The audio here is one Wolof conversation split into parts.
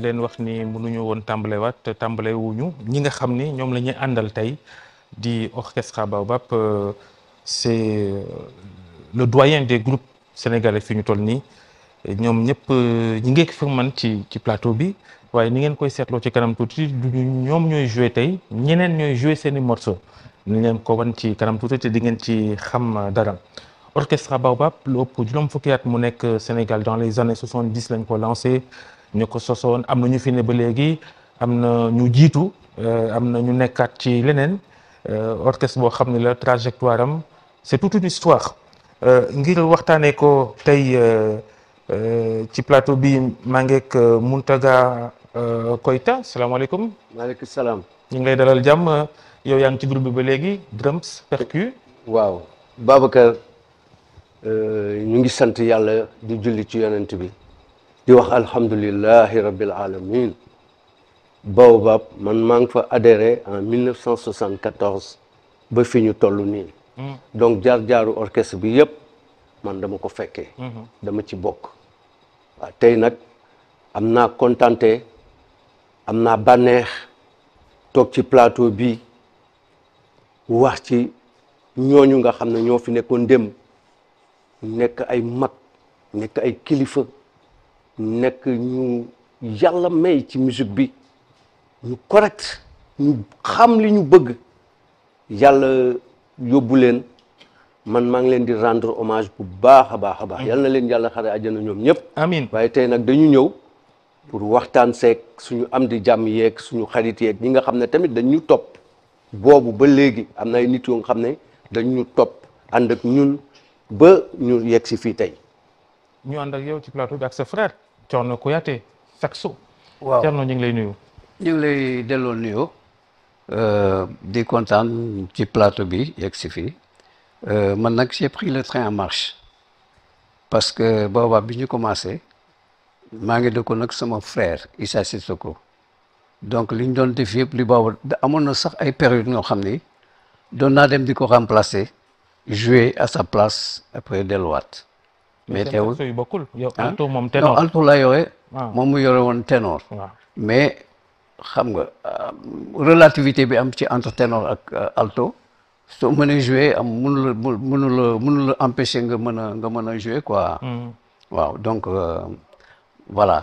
di leen wax ni mënuñu woon tàmbale waat te tàmbale wuñu ñi nga xam ni ñoom la ñuy àndal tey di orchestre Baobab euh, c'est euh, le doyen des groupes sénégalais fu ñu toll nii ñoom ñëpp euh, ñi ngeek fi man ci ci plateau bi waaye ni ngeen koy seetloo ci kanam tuuti duñu ñoom ñooy joué tey ñeneen ñooy joué seen i morceau ni leen ko wan ci kanam tuuti te di ngeen ci xam dara orchestre Baobab lu ëpp juróom fukki yaat mu nekk Sénégal dans les années soixante-dix lañ ko lancé ñu ko sosoon am na ñu fi ne ba léegi am na ñu jiitu euh, am na ñu nekkaat ci leneen euh, orchestre boo xam ne la trajectoire am c'est toute une histoire euh, ngir waxtaanee ko tey ci plateau bi maa muntaga Mountaga Koita salaamaaleykum. maaleykum salaam. ñu ngi lay dalal jàmm yow yaa ci groupe ba léegi drums percu. waaw ñu ngi sant yàlla di julli ci yonent bi. di wax alhamdulillahi rabbil alamin Baobab man maa fa adhéré en ba fi ñu toll nii hmm. donc jaar-jaaru orchestre bi yëpp man dama ko fekkee hmm. dama ci bokk waaw tey nag am naa kontante am naa bànneex toog ci plateau bi wax ci ñooñu nga xam ne ñoo fi nekkoon démb nekk ay mag nekk ay kilifa nekk ñu yàlla may ci musique bi ñu correct ñu xam li ñu bëgg yàlla yóbbu leen man maa ngi leen di rendre hommage bu baax a baax a baax yàlla na leen yàlla xare àjjana ñoom ñëpp amiin waaye tey nag dañu ñëw pour waxtaan seek su ñu am di jàmm yeeg suñu xarit yeeg ñi nga xam ne tamit dañu topp boobu ba léegi am na ay nit yoo nga xam ne ñu topp ànd ak ñun ba ñu yegg si fii tey ñu ànd ak yow ci plateau bi ak sa frère Thierno Kouyaté Saxo. waaw Thierno ñu ngi lay nuyu. ñu ngi lay delloo nuyoo. Euh, di kontaan ci plateau bi yegg si fii euh, man nag j'ai pris le train en marche parce que booba bi ñu commencé maa ngi dëkkoon nag sama frère Issa Sissoko donc li ñu doon def yëpp li booba amoon na sax ay période ñoo xam ni doon naa dem di ko remplacer jouer à sa place après delluwaat mais teewul yu bokkul yow alto moom ténor alto la yooye moom mu yore woon ténor mais xam nga relativité bi am ci entre ténor ak alto soo mënee jouer am mënu la mënu la mënu la empêcher nga mën a nga mën a jouer quoi waaw donc voilà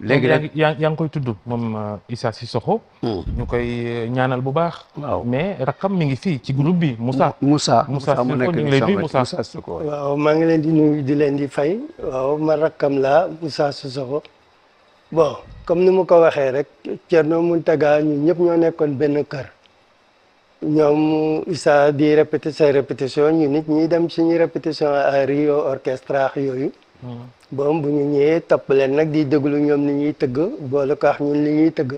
léegi nag yaa ngi koy tudd moom euh, si Cissokho hmm. ñu koy euh, ñaanal bu baax. waaw mais rakam mi ngi fii ci groupe bi Moussa. Moussa Moussa mu nekk nii Moussa Cissokho waaw maa ngi leen di nuyu di leen di fay waaw ma rakam laa Moussa Cissokho bon comme ni mu ko waxee rek Thierno Mountaga ñun ñëpp ñoo nekkoon benn kër. ñoom Issa di répété say ñu nit ñi dem suñu répétition à Rio orchestre yooyu. boom bu ñu ñëwee topp nag di déglu ñoom li ñuy tëgg boole ko wax li ñuy tëgg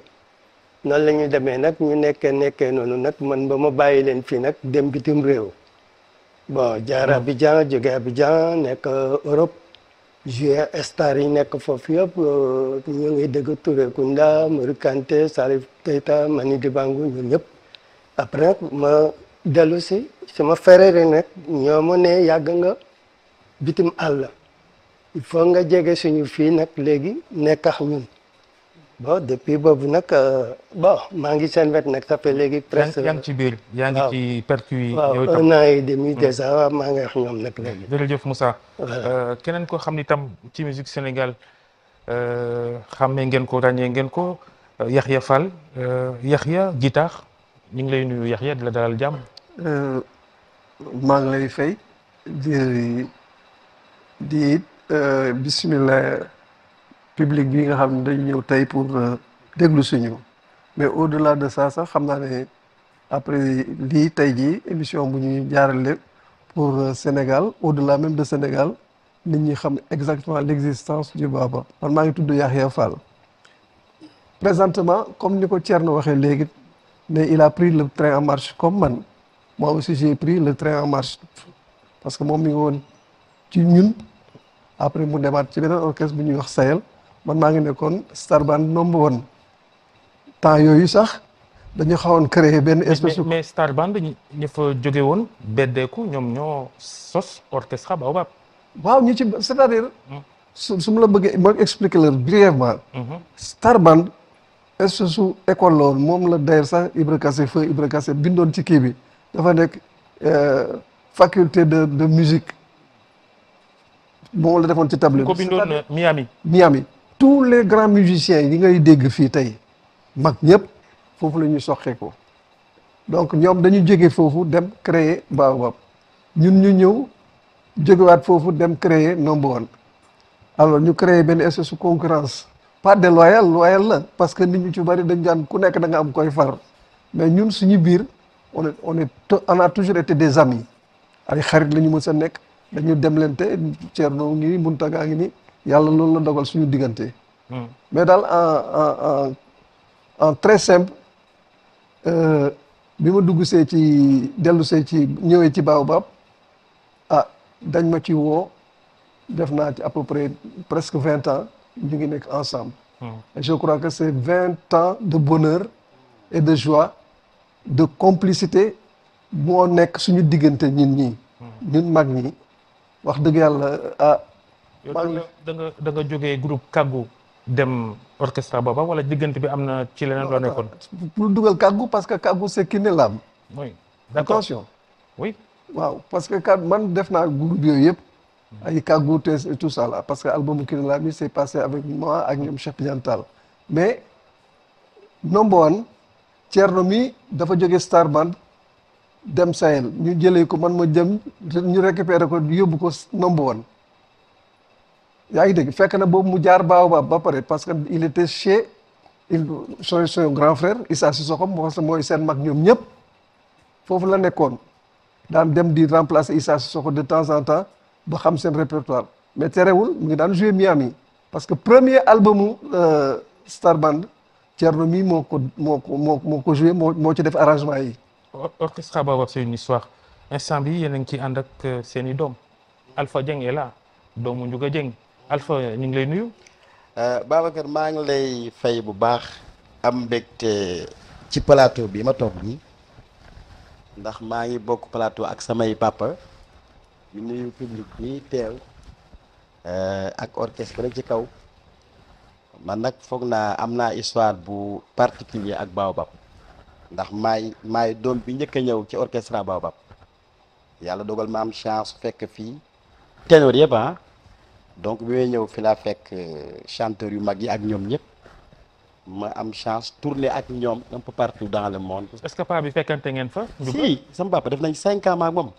noonu la ñu demee nag ñu nekkee nekkee noonu nag man ba ma bàyyi leen fii nag dem bitim réew bon jaar hmm. Abidjan jóge Abidjan nekk Europe joué star yi nekk foofu yëpp euh, ñu ngi dégg Touré Kunda Mori Kanté Salif Keita Mani Dibango ñun ñëpp après ma dellu si sama fere yi nag ñoo ma ne yàgg nga bitim àll il faut nga jege suñu fii nag léegi nekkax ñun bon depuis boobu nag euh, bon maa ngi seen wet nag ça fait léegi presque. yaa ngi ci biir yaa ngi ci percu yi. waaw un an et demi déjà waaw maa ngi wax ñoom nag léegi. jërëjëf Moussa. Euh, keneen ko xam ni tam ci musique Sénégal euh, xàmmee ngeen ko ràññee ngeen ko Yaxya Fall Yaxya guitare ñu ngi lay nuyu Yaxya di la dalal jàmm. maa ngi lay fay di di Euh, bisimilah public bi nga xam ne dañu ñëw tey pour euh, déglu suñu mais au-delà de ça sax xam naa ne après lii tey jii émission bu ñuy jaarale pour euh, Sénégal au la même de Sénégal nit ñi xam exactement l'existence du Baba man maa ngi tudd Yahya Fall présentement comme ni ko Thierno waxee léegi ne il a pris le train en marche comme man moo aussi j'ai pris le train en marche parce que moom mi ngi woon ci ñun après mu demaat ci beneen orchestre bu ñuy wax Sahel man maa ngi nekkoon star band number one temps yooyu sax dañu xawoon créer benn espèce. mais mais star band ñi fa jóge woon beddeeku ñoom ñoo sos orchestre Baobab. waaw ñu ci cest à hmm. su su la bëggee ma expliquer leen brièvement. Hmm. star band espèce su école la woon moom la d'ailleurs sax Ibra Kassé feu Ibra Kassé bindoon ci kii bi dafa nekk euh, faculté de de moo la defoon ci tableau bi. ko bindoon euh, Miami. Miami tous les grands musiciens yi ngay dégg fii tey mag ñëpp foofu la ñu soqeekoo donc ñoom dañu jóge foofu dem créer Baobab ñun ñu ñëw jógewaat foofu dem créer Number One alors ñu créer benn espèce su concurrence pas de loyal loyal la parce que nit ñu ci bari dañ daan ku nekk danga am koy far mais ñun suñu biir on est on est on a toujours été des amis ay xarit la ñu mës a nekk. dañu demlante Thierno ngi Mountaga ngi nii yàlla loolu la dogal suñu diggante. Hmm. mais daal en en en très simple euh, bi ma dugg see ci dellu see ci ñëwee ci Baobab ah dañ ma ci woo def naa ci à peu près presque vingt ans ñu ngi nekk ensemble. Hmm. et je crois que c'est vingt ans de bonheur et de joie de complicité moo nekk suñu diggante ñun ñii. Hmm. ñun mag ñi wax dëgg yàlla ah. maa ngi da nga da nga jógee groupe kàggu dem orchestre booba wala diggante bi am na ci leneen loo nekkoon. pour dugal kàggu parce que kàggu c'est Kiné Lam. attention. oui waaw parce que kàggu man def naa groupe yooyu yëpp. Hmm. ay kàggu te tout parce que album Kiné Lam yi s'est passé avec moi ak ñoom Cheikh Tidiane mais number one Thierno mi dafa jógee Star Band. dem Sahel ñu jëlee ko man ma jëm ñu récupéré ko yóbbu ko number one yaa ngi dégg fekk na boobu mu jaar Baobab ba pare parce que il était chez il son son grand frère Issa Sissoko mooy seen mag ñoom ñëpp foofu la nekkoon daan dem di remplacer Issa Sissoko de temps en temps ba xam seen répertoire mais terewul mu ngi daan jouer Miami parce que premier albumu euh, Star Band Thierno mii moo ko moo ko moo ko joué moo moo ci def arrangement yi. orchestra Baobab c'est une histoire instant bi yéen a ngi ciy ànd ak euh, seeni doom Alpha Dieng est doomu Ndiouga Dieng Alpha ñu ngi lay nuyu. Euh, Babacar maa ngi lay fay bu baax. am mbégte ci plateau bi ma toog nii ndax maa ngi bokk plateau ak samay papa ñu nuyu public bi teew euh, ak orchestre ci kaw man nag foog naa am naa histoire bu particulier ak Baobab. ndax maay maay doom bi njëkk a ñëw ci orchestre Baobab yàlla dogal ma am chance fekk fii ténor yëpp ah donc bi may ñëw fi laa fekk euh, chanteur yu mag yi ak ñoom ñëpp ma am chance tourner ak ñoom un peu dans le monde. est que paa bi fekkante ngeen fa. si sama papa def nañ cinq ans maak moom.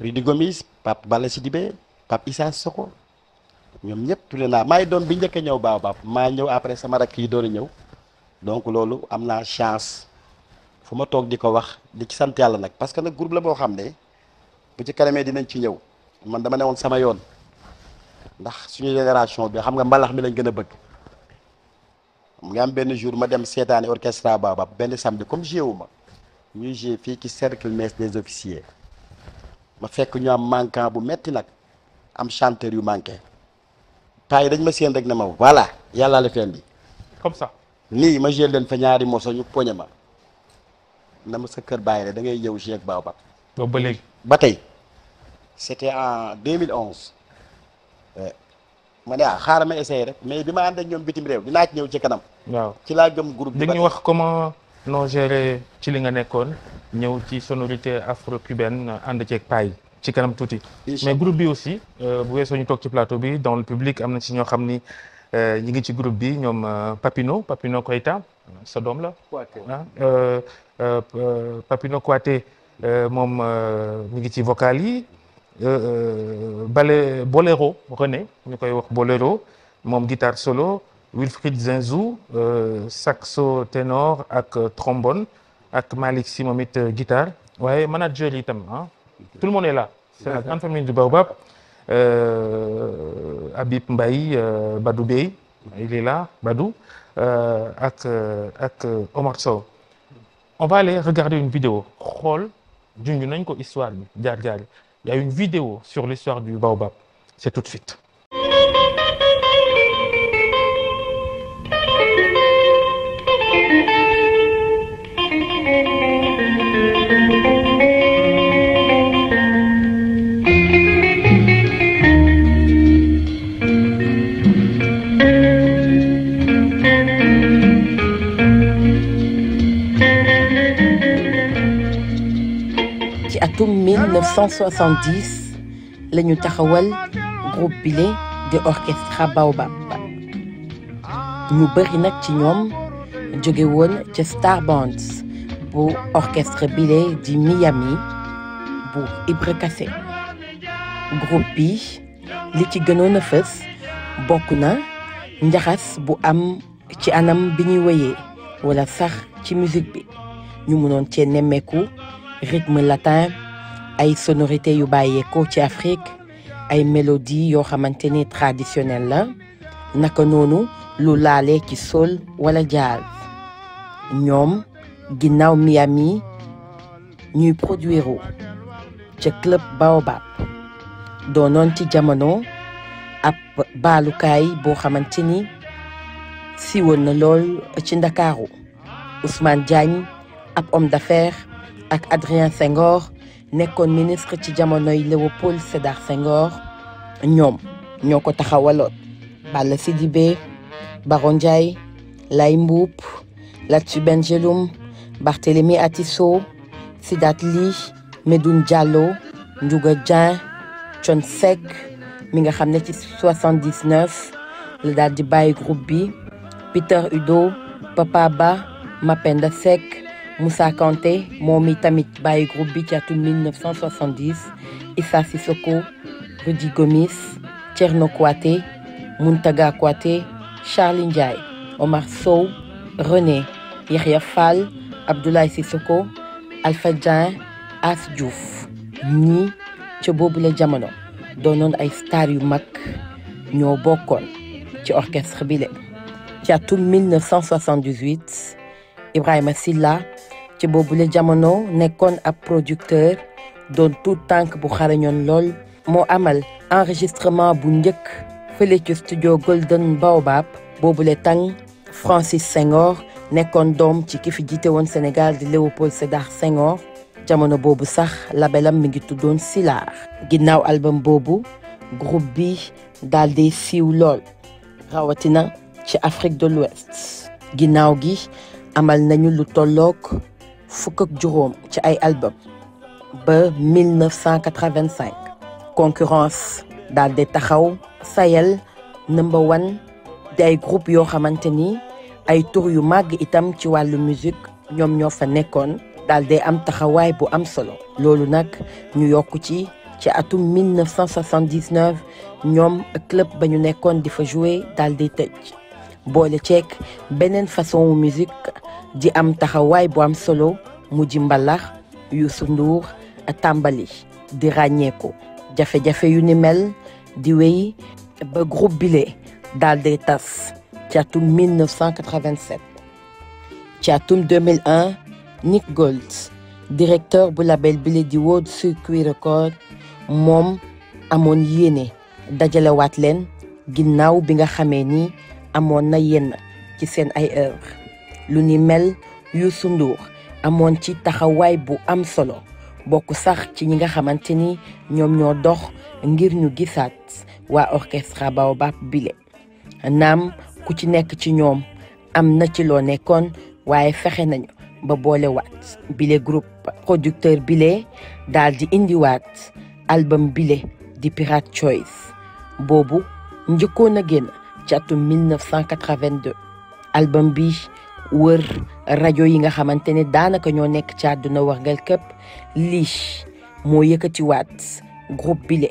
Rudy Gomis Pape Bala Sidibé Pape Issa Soko ñoom ñëpp tourné naa maay doom bi njëkk a ñëw Baobab maa ñëw après sama rakk yi doon ñëw. donc loolu am naa chance fu ma toog di ko wax di ci sant yàlla nag parce que nag groupe la boo xam ne bu ci kanamee dinañ ci ñëw man dama ne woon sama yoon ndax suñu génération bi xam nga mbalax mi lañ gën a bëgg mu ngi am benn jour ma dem seetaani orchestre Baobab benn samedi comme jéewu ma ñuy jé fii ci cercle mess des officiers ma fekk ñu am manquant bu metti nag am chanteur yu manqué paa yi dañ ma séen rek na ma voilà yàllaa la feen bi lii ma jël leen fa ñaari moso ñu poñe ma na ma sa kër bàyyi la da ngay ñëw jeeg ba boobu ba léegi. ba tey c'était en 2011 eh, ma ne ah xaaral ma essayé rek mais bi ma ànd ñoom bitim réew dinaa ci ñëw ci kanam. waaw ci laa gëm groupe bi. dañuy wax comment noo ci li nga nekkoon ñëw ci sonorité afro-cubaine ànd ceeg paay ci kanam tuuti. mais groupe bi aussi euh, bu weesoo ñu toog ci plateau bi dans le public am na si ñoo xam ni. Euh, ñu ngi ci groupe bi ñoom euh, Papino Papino Koita sa doom la. ah euh, Papino Koité moom mi ngi ci vocal yi. bale Boléro René ñu koy wax Boléro moom guitare solo Wilfried Zinzou saxo ténor ak trombone ak Malick Sy moom it guitare waaye manager yi itam ah tout le monde est là. c'est la grande famille du Baobab Euh, Habib Mbaye euh, Badou Bey il est là Badou euh, ak ak Omar Sow on va aller regarder une vidéo xool junj nañ ko histoire bi jaar jaar y a une vidéo sur l'histoire du baobab c'est tout de suite 1970 la ñu taxawal groupe bile di orchestre Baobab ñu bëri nag ci ñoom jóge woon ca Star Bands bu orchestre bile di Miami bu Ibra Kassé groupe bi li ci gënoon a fës bokk na njaxas bu am ci anam bi ñuy woyee wala sax ci musique bi ñu mënoon cee nemmeeku ritm latin ay sonorité yu bàyyeekoo ci Afrique ay mélodie yoo xamante ni traditionnelle la naka noonu lu laale ci sol wala jazz ñoom ginnaaw Miami ñuy produire ca club Baobab doonoon ci jamono ab baalukaay boo xamante ni siiwoon na lool ci Ndakaaru Ousmane Diagne ab homme d'affaires ak Adrien Senghor nekkoon ministre ci jamonoy Léopold Sédar Senghor ñoom ñoo ko taxawaloon Balla Sidibé Baron Ndiaye Lay Mboup Lathiou Bengelloune Barthélémy Atisso Sidat Ly Medoune Diallo Ndiouga mi nga xam ne ci 79 la di bàyyi groupe bi Peter Udo Papa Ba Mapenda Seck Moussa Kanté moom tamit bàyyi groupe bi ci atum 1970 Issa Sissoko Rudy Gomis Thierno Kouaté Mountaga Kouaté Charly Ndiaye Omar Sow René Yahya Fall Abdoulaye Sissoko Alpha Dieng As Diouf ñii ca boobule ay star yu mag ñoo ci orchestre bi le ci atum 1978 Ibrahima Silla ci boobule jamono nekkoon ab producteur doon tout tànk bu xarañoon lool moo amal enregistrement bu njëkk fële ci studio Golden Baobab boobule tàng Francis sengor nekkoon doom ci ki fi jiite woon Sénégal di Léopold Sédar Senghor jamono boobu sax labelam mi ngi tuddoon Silar ginnaaw album boobu groupe bi daal di siiw lool rawatina ci Afrique de l'Ouest ginnaaw gi amal nañu lu tollook fukk juróom ci ay album ba 1985 concurrence daal di taxaw Sayel number one di ay groupe yoo xamante ni ay tur yu màgg itam ci wàllu musique ñoom ñoo fa nekkoon daal di am taxawaay bu am solo loolu nag ñu yokk ci ci atum 1979 ñoom club ba ñu nekkoon di fa jouer daal di tëj boole ceek beneen façon musique di am taxawaay bu am solo mu ji mbalax Youssou Ndour tàmbali di ràññeeku jafe-jafe yu ni mel di wey ba groupe bile daal di tas ci atum 1987 ci atum 2001 Nick Gold directeur bu label bile di World Circuit Record moom amoon yéene dajalewaat leen ginnaaw bi nga xamee ni amoon na yenn ci seen ay œuvre lu ni mel yu Ndour amoon ci taxawaay bu am solo bokk sax ci ñi nga xamante ni ñoom ñoo dox ngir ñu gisaat waa orchestre Baobab bile naam ku ci nekk ci ñoom am na ci loo nekkoon waaye fexe nañu ba boolewaat bile groupe producteur bile daal di indiwaat album bile di Pirate Choice boobu njëkkoon a génn ci atum 1982 album bi wër rajo yi nga xamante ne daanaka ñoo nekk ci àdduna wargal këpp lii moo yëkkatiwaat groupe bile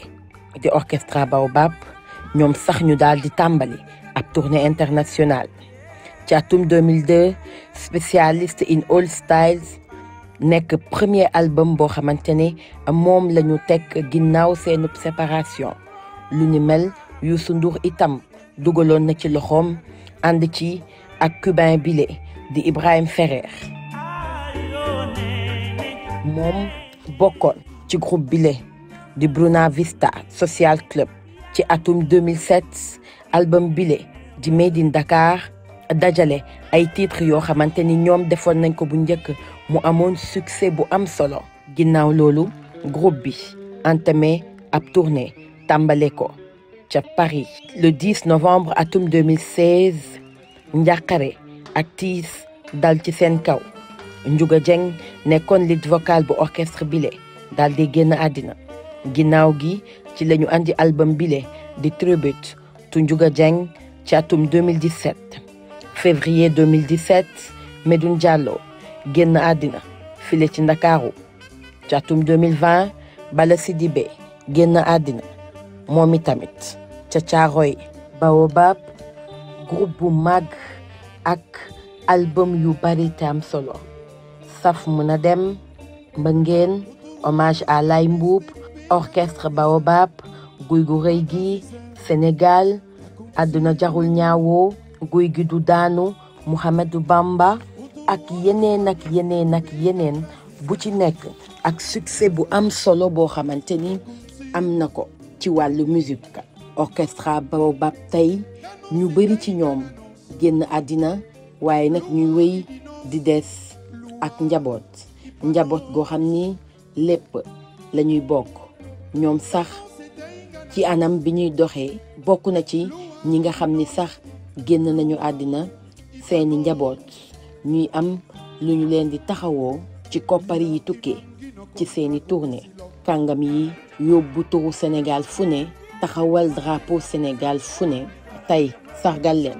di orchestra Baobab ñoom sax ñu daal di tàmbali ab tournée internationale ci atum 2002 spécialiste in all styles nekk premier album boo xamante ne moom la ñu teg ginnaaw seenub séparation lu ni mel Youssou Ndour itam dugaloon na ci loxoom ànd ci ak cubain bile di Ibrahim Ferrer moom bokkoon ci groupe bile di Bruna Vista Social Club ci atum 2007 album bile di Made in Dakar dajale ay titres yoo xamante ni ñoom defoon nañ ko bu njëkk mu amoon succès bu am solo ginnaaw loolu group bi entamé ab tournée tàmbale ko ca Paris le 10 novembre atum 2016 njàqare ak tiis dal ci seen kaw njuga Dieng nekkoon lead vocal bu orchestre bile daal di génn àddina ginnaaw gi ci lañu ñu andi album bile di tribute tu njuga Dieng ci atum 2017 février 2017 Medoune Diallo génn àddina file ci Ndakaaru caatum atum 2020 Bala Sidibé génn àddina moom itamit ca Caaroy Baobab groupe mag ak album yu bari te am solo saf mën a dem mbëngeen hommage à Laye Mboup orchestre Baobab guy gu rëy gi Sénégal àdduna jarul ñaawoo guy gi du daanu Mouhamadou Bamba ak yeneen ak yeneen ak yeneen bu ci nekk ak succès bu am solo boo xamante ni am na ko ci wàllu musique orchestre Baobab tey ñu bëri ci ñoom génn àddina waaye nag ñuy wéy di des ak njaboot njaboot goo xam ni lépp la ñuy bokk ñoom sax ci anam bi ñuy doxee bokk na ci ñi nga xam ni sax génn nañu àddina seeni njaboot ñuy am lu ñu leen di taxawoo ci koppar yi tukkee ci seeni tournée kàngam yi yóbbu turu Sénégal fu ne taxawal drapo Sénégal fu ne tey sargal leen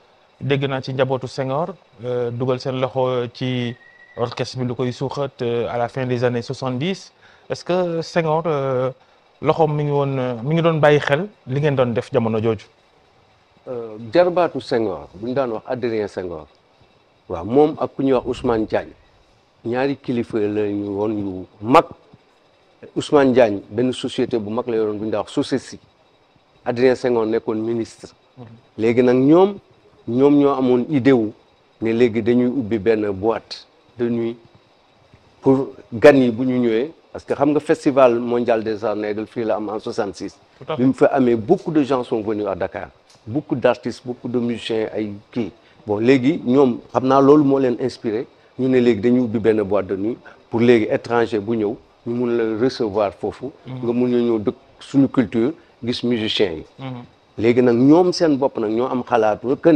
dégg naa ci njabootu sengoor euh, dugal seen loxo ci orchestre bi lu koy suuxat euh, à la fin des années soixante-dix est-ce que euh, Senghor loxoom mi ngi woon mi ngi doon bàyyi xel li ngeen doon def jamono jooju. jarbaatu Senghor bu ñu daan wax Adrien Senghor waaw moom ak ku ñuy wax Ousmane Diagne ñaari kilifa la ñu woon yu mag Ousmane Diagne benn société bu mag la yoroon bu ñu daan wax SOCECI Adrien Senghor nekkoon ministre. Mhm. léegi nag ñoom. ñoom ñoo amoon idée wu ne léegi dañuy ubbi benn boîte de nuit pour gan bu ñu ñëwee parce que xam nga festival mondial des arts nègres fii la am en 66. bi ñu fa amee beaucoup de gens sont venus à Dakar beaucoup d' artistes beaucoup de musiciens ay kii bon léegi ñoom xam naa loolu moo leen inspirer ñu ne léegi dañuy ubbi benn boîte de nuit pour léegi étranger bu ñëw ñu mun la recevoir foofu. Mm-hmm. nga mun a ñëw dëkk suñu culture gis musiciens yi. Mm-hmm. léegi nag ñoom seen bopp nag ñoo am xalaat que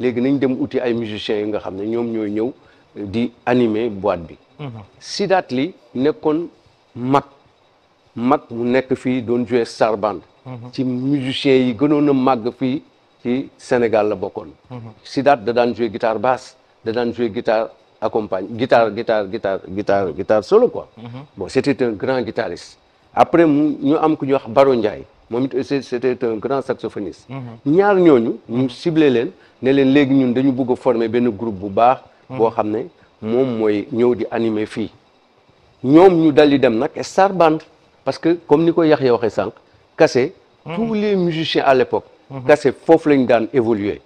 léegi nañ dem uti ay musiciens yi nga xam ne ñoom ñoo ñëw di anime boîte bi. Mhm. Sidaat li nekkoon mag mag mu nekk fii doon jouer star band. Mhm. ci musiciens yi gënoon a màgg fii ci Sénégal la bokkoon. Mhm. Sidaat da daan jouer guitare basse da daan jouer guitare accompagne guitare guitare guitare guitare guitare solo quoi. bon c' était grand guitariste. après mu ñu am ku ñuy wax Baro Ndiaye moom it c' était un grand saxophoniste. ñaar ñooñu ñu ciblé leen. ne leen léegi ñun dañu bëgg a benn groupe bu baax. boo xam ne moom mooy ñëw di animer fii. ñoom ñu dal di dem nag star band parce que comme ni ko Yaxya waxee sànq Kassé. tous les musiciens à l'époque. Kassé foofu lañu daan évoluer.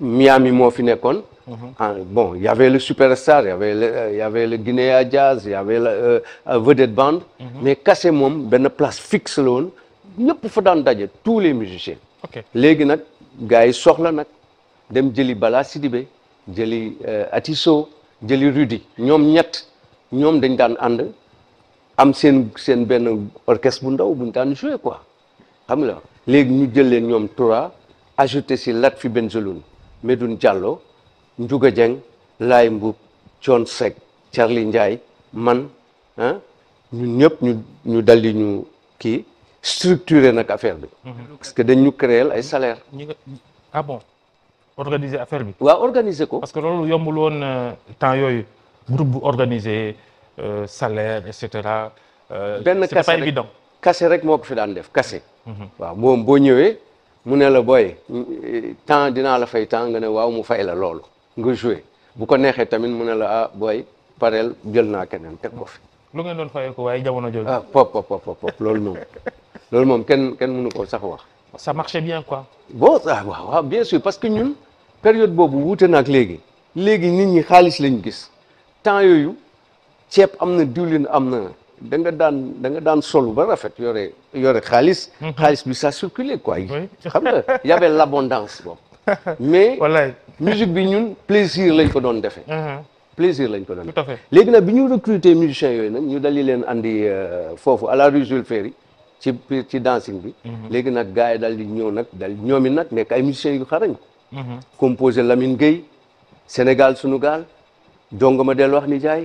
Miami moo fi nekkoon. Mhm. Ah, bon y avait le Superstar le euh, y avait le Guinea Jazz y avait euh, euh, Band. Mhm. mais Kassé moom benn place fixe la woon ñëpp fa daan daje tous les musiciens. ok léegi nag gars yi soxla nag. dem jëli Bala be jëli euh, Atisso jëli Rudy ñoom ñett ñoom dañ daan ànd am seen seen benn orchestre bu ndaw buñ daan jouer quoi xam nga léegi ñu jël leen ñoom trois ajouté si lat Latfi Bengelloune Medoune Diallo Ndiouga Dieng Laye Mboup Thione Seck Charlie Ndiaye man ñu ñun ñëpp ñu daldi ñu kii structuré nag affaire bi. Mm-hmm. parce que dañ ñu ay salaire. organiser affaire bi. waaw organiser ko. parce que loolu yombul woon euh, temps yooyu groupe bu organiser euh, salaire et cetera. Euh, benn kase pas évident kase rek moo ko fi daan def kase. Mhm. waaw moom boo ñëwee mu ne la booy temps dinaa la fay temps ne waaw mu fay la loolu nga joué bu ko neexee tamit mu ne la ah booy pareel jël naa keneen teg ko fi. lu ngeen doon ko waaye jamono jooju. ah pop pop pop loolu moom loolu moom kenn kenn ko sax wax. ça marchait bien quoi. bon ah waaw bien sûr parce que ñun. période boobu wuute na ak léegi léegi nit ñi xaalis lañu gis temps yooyu ceeb am na diwlin am na da nga daan da nga daan solu ba rafet yore yore xaalis. Mhm. xaalis bi ça circulait quoi. xam nga la avait l'abondance boobu. mais musique bi ñun plaisir lañ ko doon defee. Mhm. plaisir lañ ko doon defee. léegi nag bi ñu recruter musiciens yooyu nag ñu dali leen andi euh, foofu a la rue Jules Ferry ci ci dancing bi. Mhm. léegi nag gars yi daal di ñëw nag daal ñoomi nag nekk ay musiciens yu xarañ. composé Lamine Gueye Sénégal sunu gaal jongoma del wax nijaay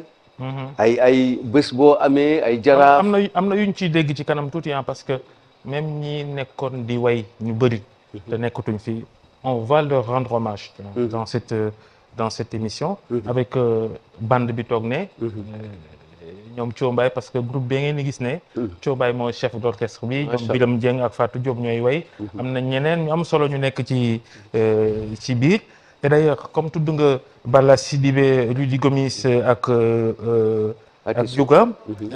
ay ay bés boo amee ay jaraaf am na am na yuñ ciy dégg ci kanam tuuti parce que même ñi nekkoon di way ñu bëri mhm. te nekkatuñ fii on va leur rendre hommage mhm. dans cette euh, dans émission mhm. avec euh, band bi toog ne euh, ñoom Coombaay parce que groupe bi ngeen di gis ne Coombaay hmm. mooy chef d'orchestre bi ñoom Biram Dieng ak Fatou Diop ñooy way hmm. am na ñeneen ñu am solo ñu nekk ci euh, ci biir te d'ailleurs comme tudd nga Balla Sidibé Rudy Gomis euh, ak euh, ak Juga hmm.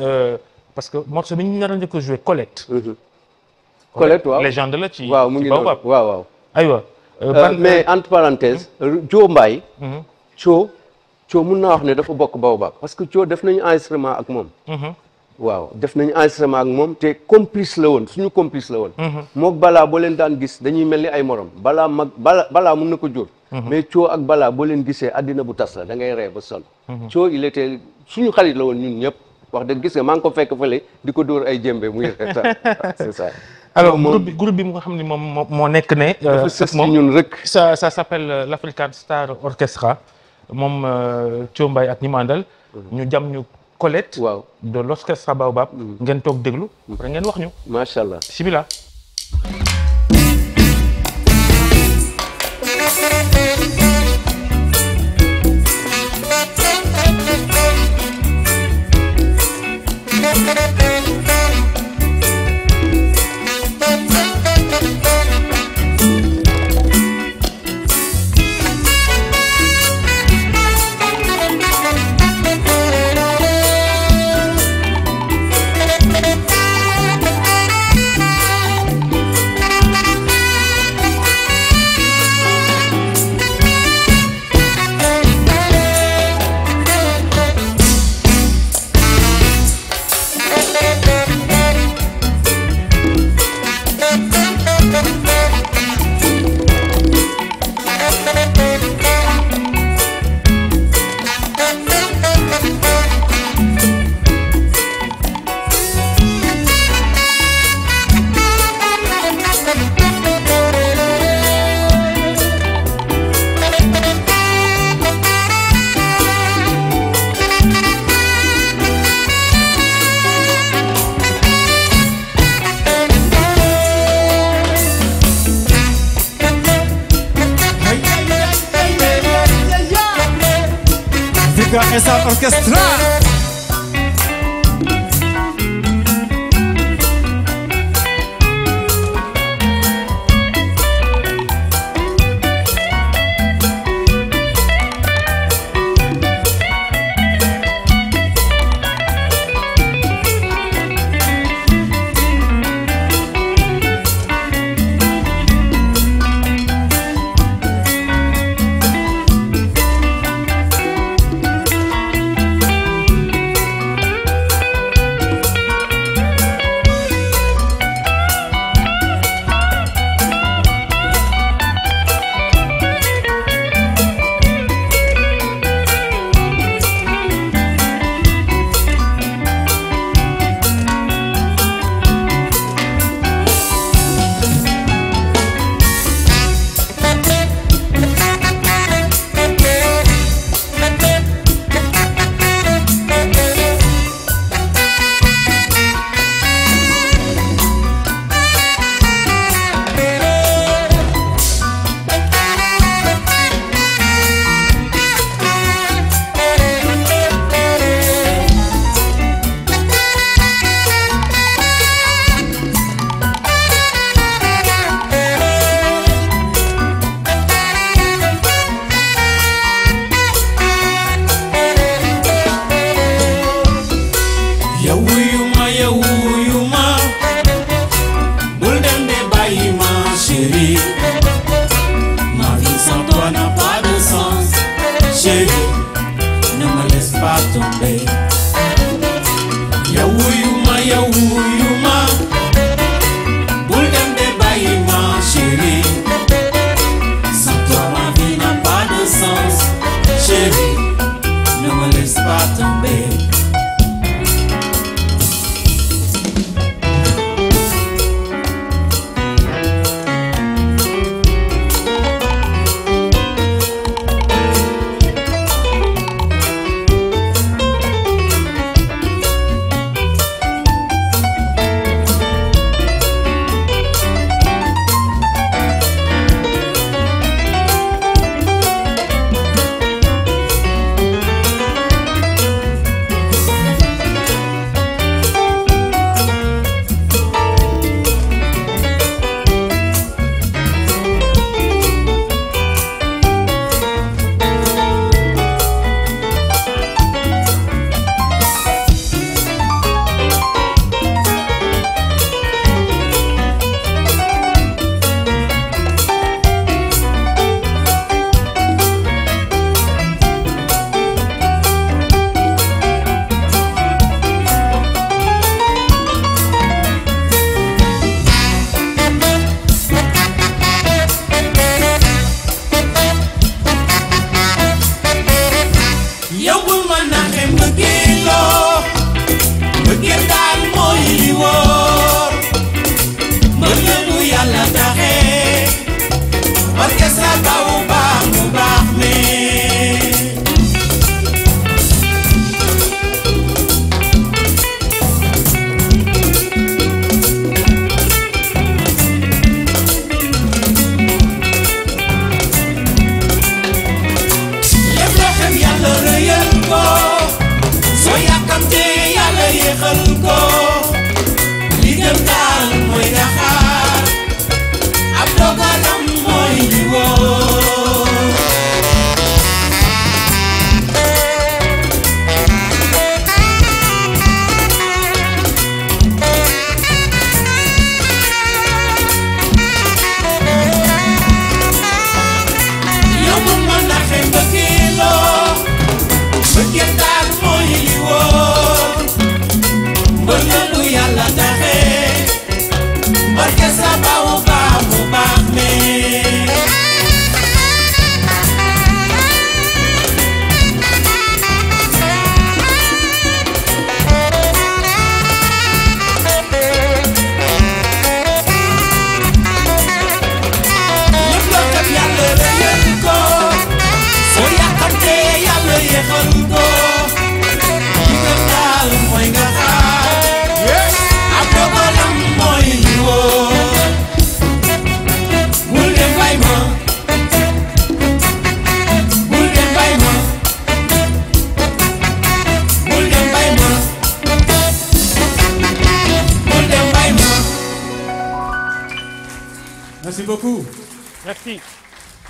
parce que morceau bi ñu nar a njëkk a légende la ci waaw mu ngi waaw aywa mais entre parenthèse Coombaay Coo Thio mun naa wax ne dafa bokk Baobab parce que Thio def nañu enregistrement ak moom. Mhm. waaw def nañu enregistrement ak moom te complice la woon suñu complice la woon. Mhm. mook balaa boo leen daan gis dañuy mel ni ay morom balaa mag balaa balaa mun na ko jóor. Mhm. mais Thio ak balaa boo leen gisee addina bu tas la da ngay ree ba sonn. Thio il était suñu xarit la woon ñun ñëpp wax dëgg gis nga maa ngi ko fekk fële di ko dóor ay jéembe muy c'est ça. alors groupe bi groupe bi nga xam ni moom moo nekk ne. dafa euh, sës ñun rek. ça ça s'appelle euh, l'African Star Orchestra. moom euh, Thio Mbaye ak ñi mu mhm. ñu jam ñu Colette. waaw de l'orchestre Baobab. Mhm. ngeen toog déglu. Mhm. ngeen wax ñu. macha allah bismillah.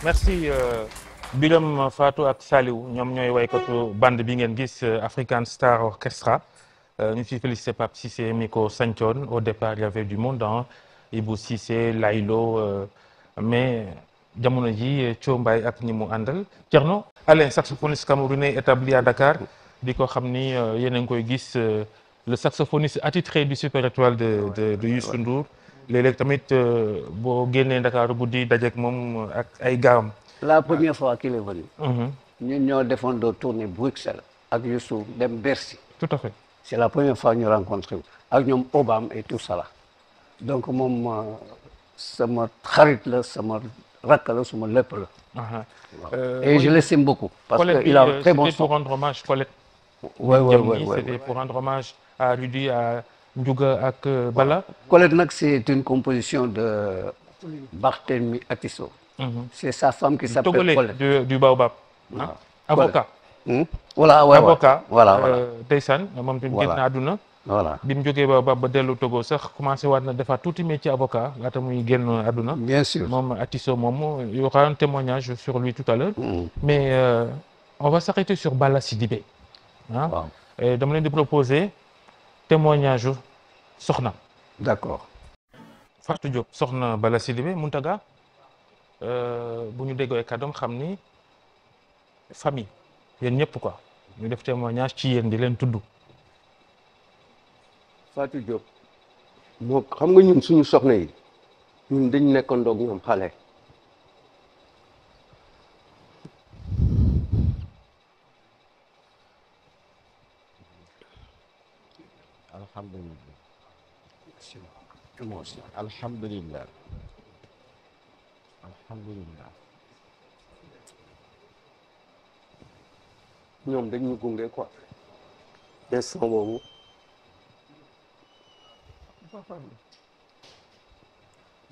merci euh, Biram Fatou ak Saliou ñoom ñooy waykatu band bi ngeen gis euh, African Star Orchestra euh, ñu ciy félicité Pape Cissé mi ko sancoon au départ il du monde dans Ibou Cissé Laylo mais jamono ji Thio Mbaye ak ñi mu àndal Thierno Alain saxophoniste camerounais établi à Dakar di ko xam ni yéen a ngi koy gis le saxophoniste attitré du Super Étoile de de léeg-léeg tamit euh, boo génnee Ndakaaru guddi dajeek moom ak ay gaam la première fois qu'il est venu mm-hmm. ñun ñoo defoon doo tourner Bruxelles ak Youssou dem Bercy tout à fait c'est la première fois ñu rencontré ak ñoom Obama et tout ça là donc moom euh, sama xarit la sama rakk la sama lépp la uh-huh. euh, et je l'estime beaucoup parce que a très bon son pour rendre hommage oui oui oui c'était pour rendre hommage à Rudy Ndiouga ak euh, Bala. Colette nag c' est une composition de Barthélemy Atisso. Mhm. c' est sa femme qui s' appelle Colette du du Baobab. waaw avocat. voilà waaw hmm? avocat. voilà euh, bi mu jógee ba ba dellu Togo sax commencé waat na defaat tuuti métier avocat laata muy génn àdduna. bien sûr moom Atisso moom y aura un témoignage sur lui tout à l'heure hmm. mais euh, on va s'arrêter sur Bala Sidibé. ah dama leen di proposer témoignage soxna. d'accord. Fatou Diop soxna Bala Sidibé Muntaga euh, bu ñu déggoo kàddoom xam ni famille yéen ñëpp ko ñu def témoignage ci yéen di leen tuddu Fatou Diop moo xam nga ñun suñu soxna yi ñun dañ nekkandoog ñoom xale. alhamdulilah. একটু মশলা আলহামদুলিল্লাহ alhamdulilah ñoom dañuy gunge quoi instant boobu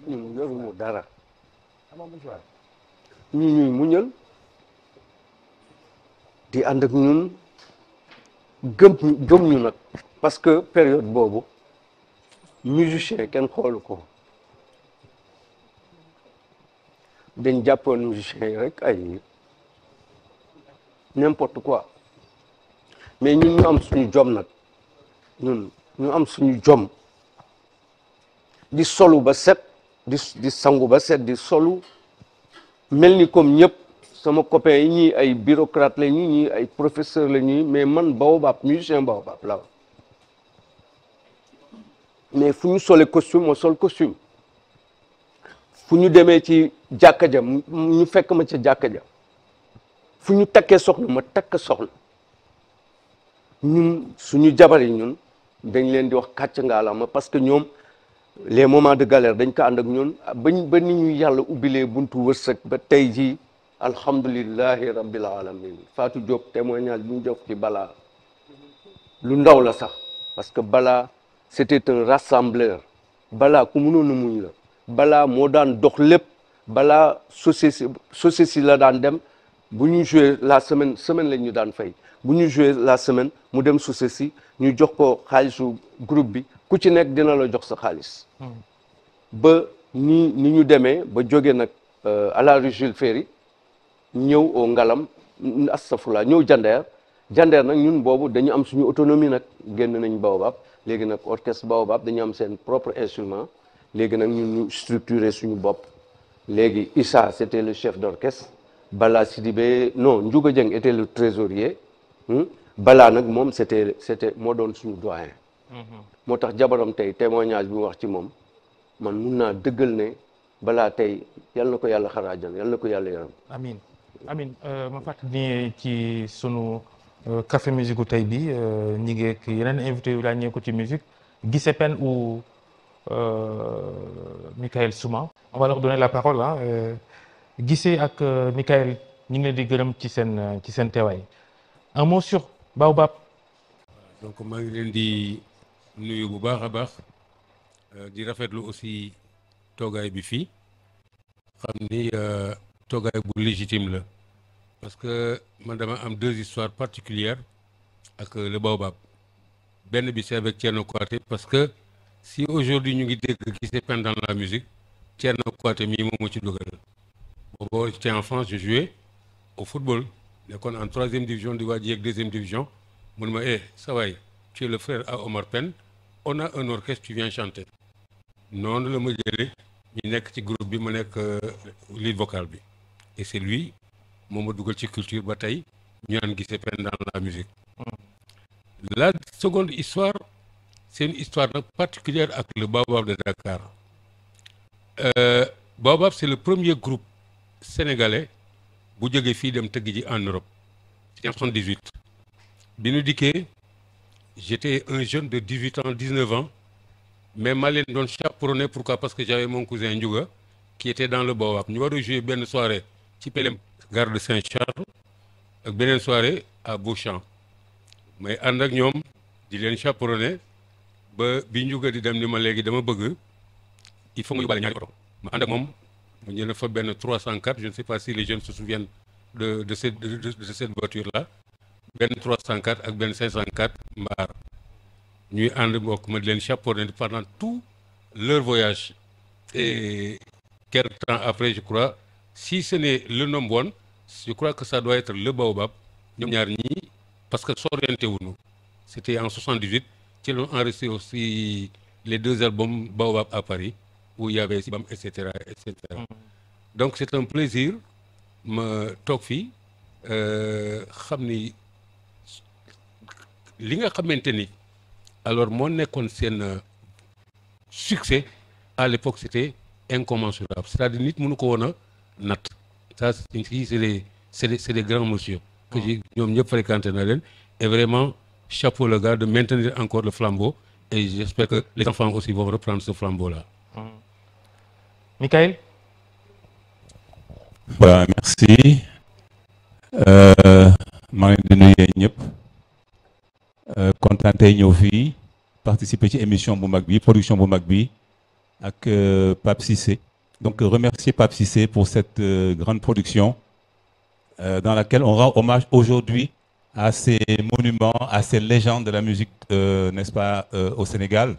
ñun yoruñu dara ñi ñuy muñal di ànd ak ñun gëm ñu nag parce que période boobu musicien kenn xoolu ko dañ jàppoon musicien yi rek ay n'importe quoi mais ñun ñu am suñu jom nag ñun ñu am suñu jom di solu ba set di sangu ba set di solu mel ni comme ñëpp sama copain yi ñii ay bureaucrate la ñu ñii ay professeur la ñuy mais man baobab musicien baobab la mais fu ñu sole costume ma sol costume fu ñu demee ci jàkka ja ñu fekk ma ca jàkka ja fu ñu takkee soxna ma takk soxna ñun suñu jabar yi ñun dañ leen di wax kàcc ngaalaama parce que ñoom les moments de galère dañ ko ànd ak ñun bañ ba ni ñu yàlla ubilee buntu wërsëg ba tey jii alhamdulillahi rabbil alamin Fatou Diop témoignage bu ñu jox ci balaa lu ndaw la sax parce balaa c'était te rassembleur balaa ku mënoon a muñ la balaa moo daan dox lépp balaa société société la daan dem bu ñu joué la semaine semaine lañ ñu daan fay bu ñu joué la semaine mu dem société ñu jox ko xaalisu groupe bi ku ci nekk dina la jox sa xaalis ba ni ni ñu demee ba jóge nag euh, à la rue ñëw au ngalam astafurla ñëw jandeer jandeer nag ñun boobu dañu am suñu autonomie nag génn nañ baobab léegi nag orchestre Baobab dañu am seen propre instrument léegi nag ñun ñu structuré suñu bopp léegi Issa c' le chef d' orchestre Bala Sidibé non Ndiouga Dieng était le trésorier hmm? balaa nag moom c' était moo doon suñu doyen. Mhm. moo tax jabaram tey témoignage bi mu wax ci moom man mun naa dëggal ne balaa tey yàlla na ko yàlla xaraajal yal na ko yàlla yaram. amiin amiin euh, ma fàttali ni ci sunu. Euh, café musique gu tey bi euh, ñi ngi ak yeneen invité yu ràññee ko ti musique Guissé Pène ou euh, Michael Souma on va leur donner la parole ah ak Michael ñu ngi leen di gërëm ci seen ci seen teewaay un mot sur Baobab donc maa ngi leen di nuyu bu baax a baax di rafetlu aussi toogaay bi fii xam ni toogaay bu légitime la parce que man dama am deux histoires particulières ak euh, le baobab benn bi c'est avec Thierno Kouaté parce que si aujourd'hui ñu ngi dégg qui se peint dans la musique Thierno Kouaté mii moom moo ci dugal boobu j'étais en France je jouais au football nekkoon en troisième division di waaj yeeg deuxième division mun ma eh sa waay tu es le frère à Omar Pène on a un orchestre tu viens chanter noonu la ma jëlee ñu nekk ci groupe bi ma nekk euh, lead vocal bi et c'est moom ma dugal ci culture ba tey ñu naan gisee pen dans la musique mm. la seconde histoire c'est une histoire nag particulière ak le Baobab de Dakar euh, Baobab c'est le premier groupe sénégalais bu jógee fii dem tëgg ji en Europe en 78 bi ñu dikkee j'étais un jeune de 18 ans 19 ans mais maa leen doon chaperonné pourquoi parce que j'avais mon cousin Ndiouga qui était dans le Baobab ñu war a jouer benn soirée ci Pelem gare de Saint-Charles ak beneen soirée à Beauchamp may ànd ak ñoom di leen chaperonné ba bi njuga di dem ni ma léegi dama bëgg il faut ma yóbbaale ñaari oto ma ànd ak moom mu ñëw fa benn 304 je ne sais pas si les jeunes se souviennent de de cette de, de, de cette voiture là benn 304 ak benn 504 mbaar ñuy ànd mbokk ma di leen chaperonné pendant tout leur voyage et quelque temps après je crois si ce le number one je crois que ça doit être le baobab ñoom ñaar ñii parce que s'orienté wuñu c'était en 78 ci la ñu enregistré aussi les deux albums baobab à Paris ou il si avait Sibam et cetera et mm. donc c'est un plaisir ma toog fii euh, xam ni li nga xamante ni alors moo nekkoon seen euh, succès à l'époque c'était incommensurable c'est-à-dire nit mënu ko woon a. natt ça fii c'est des c'est des c'est des grands messieurs que j'ai ñoom ñëpp fréquenté na leen et vraiment chapeau le gars de maintenir encore le flambeau et j'espère que les enfants aussi vont reprendre ce flambeau là mm. Michael voilà merci euh, maa ngi leen di euh, participer ci émission bu mag bi production bu mag bi ak euh, Pape Cissé Donc euh, remercier Pape Cissé pour cette euh, grande production euh, dans laquelle on rend hommage aujourd'hui à ces monuments, à ces légendes de la musique, euh, n'est-ce pas, au Sénégal.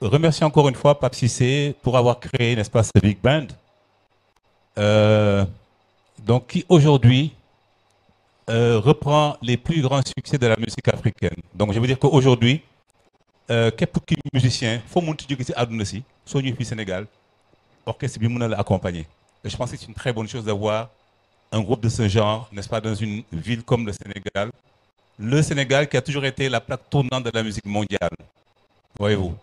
remercier encore une fois Pape Cissé pour avoir créé, n'est-ce pas, ce big band. donc les plus grands succès de la musique africaine. Donc je veux dire qu'aujourd'hui, Euh, képp ki musicien foo munti jóge si àdduna si soo ñëwee fii Sénégal orchestre bi mën a la je pense que c'est une très bonne chose d'avoir un groupe de ce genre n'est-ce pas dans une ville comme le Sénégal le Sénégal qui a toujours été la plaque tournante de la musique mondiale voyez-vous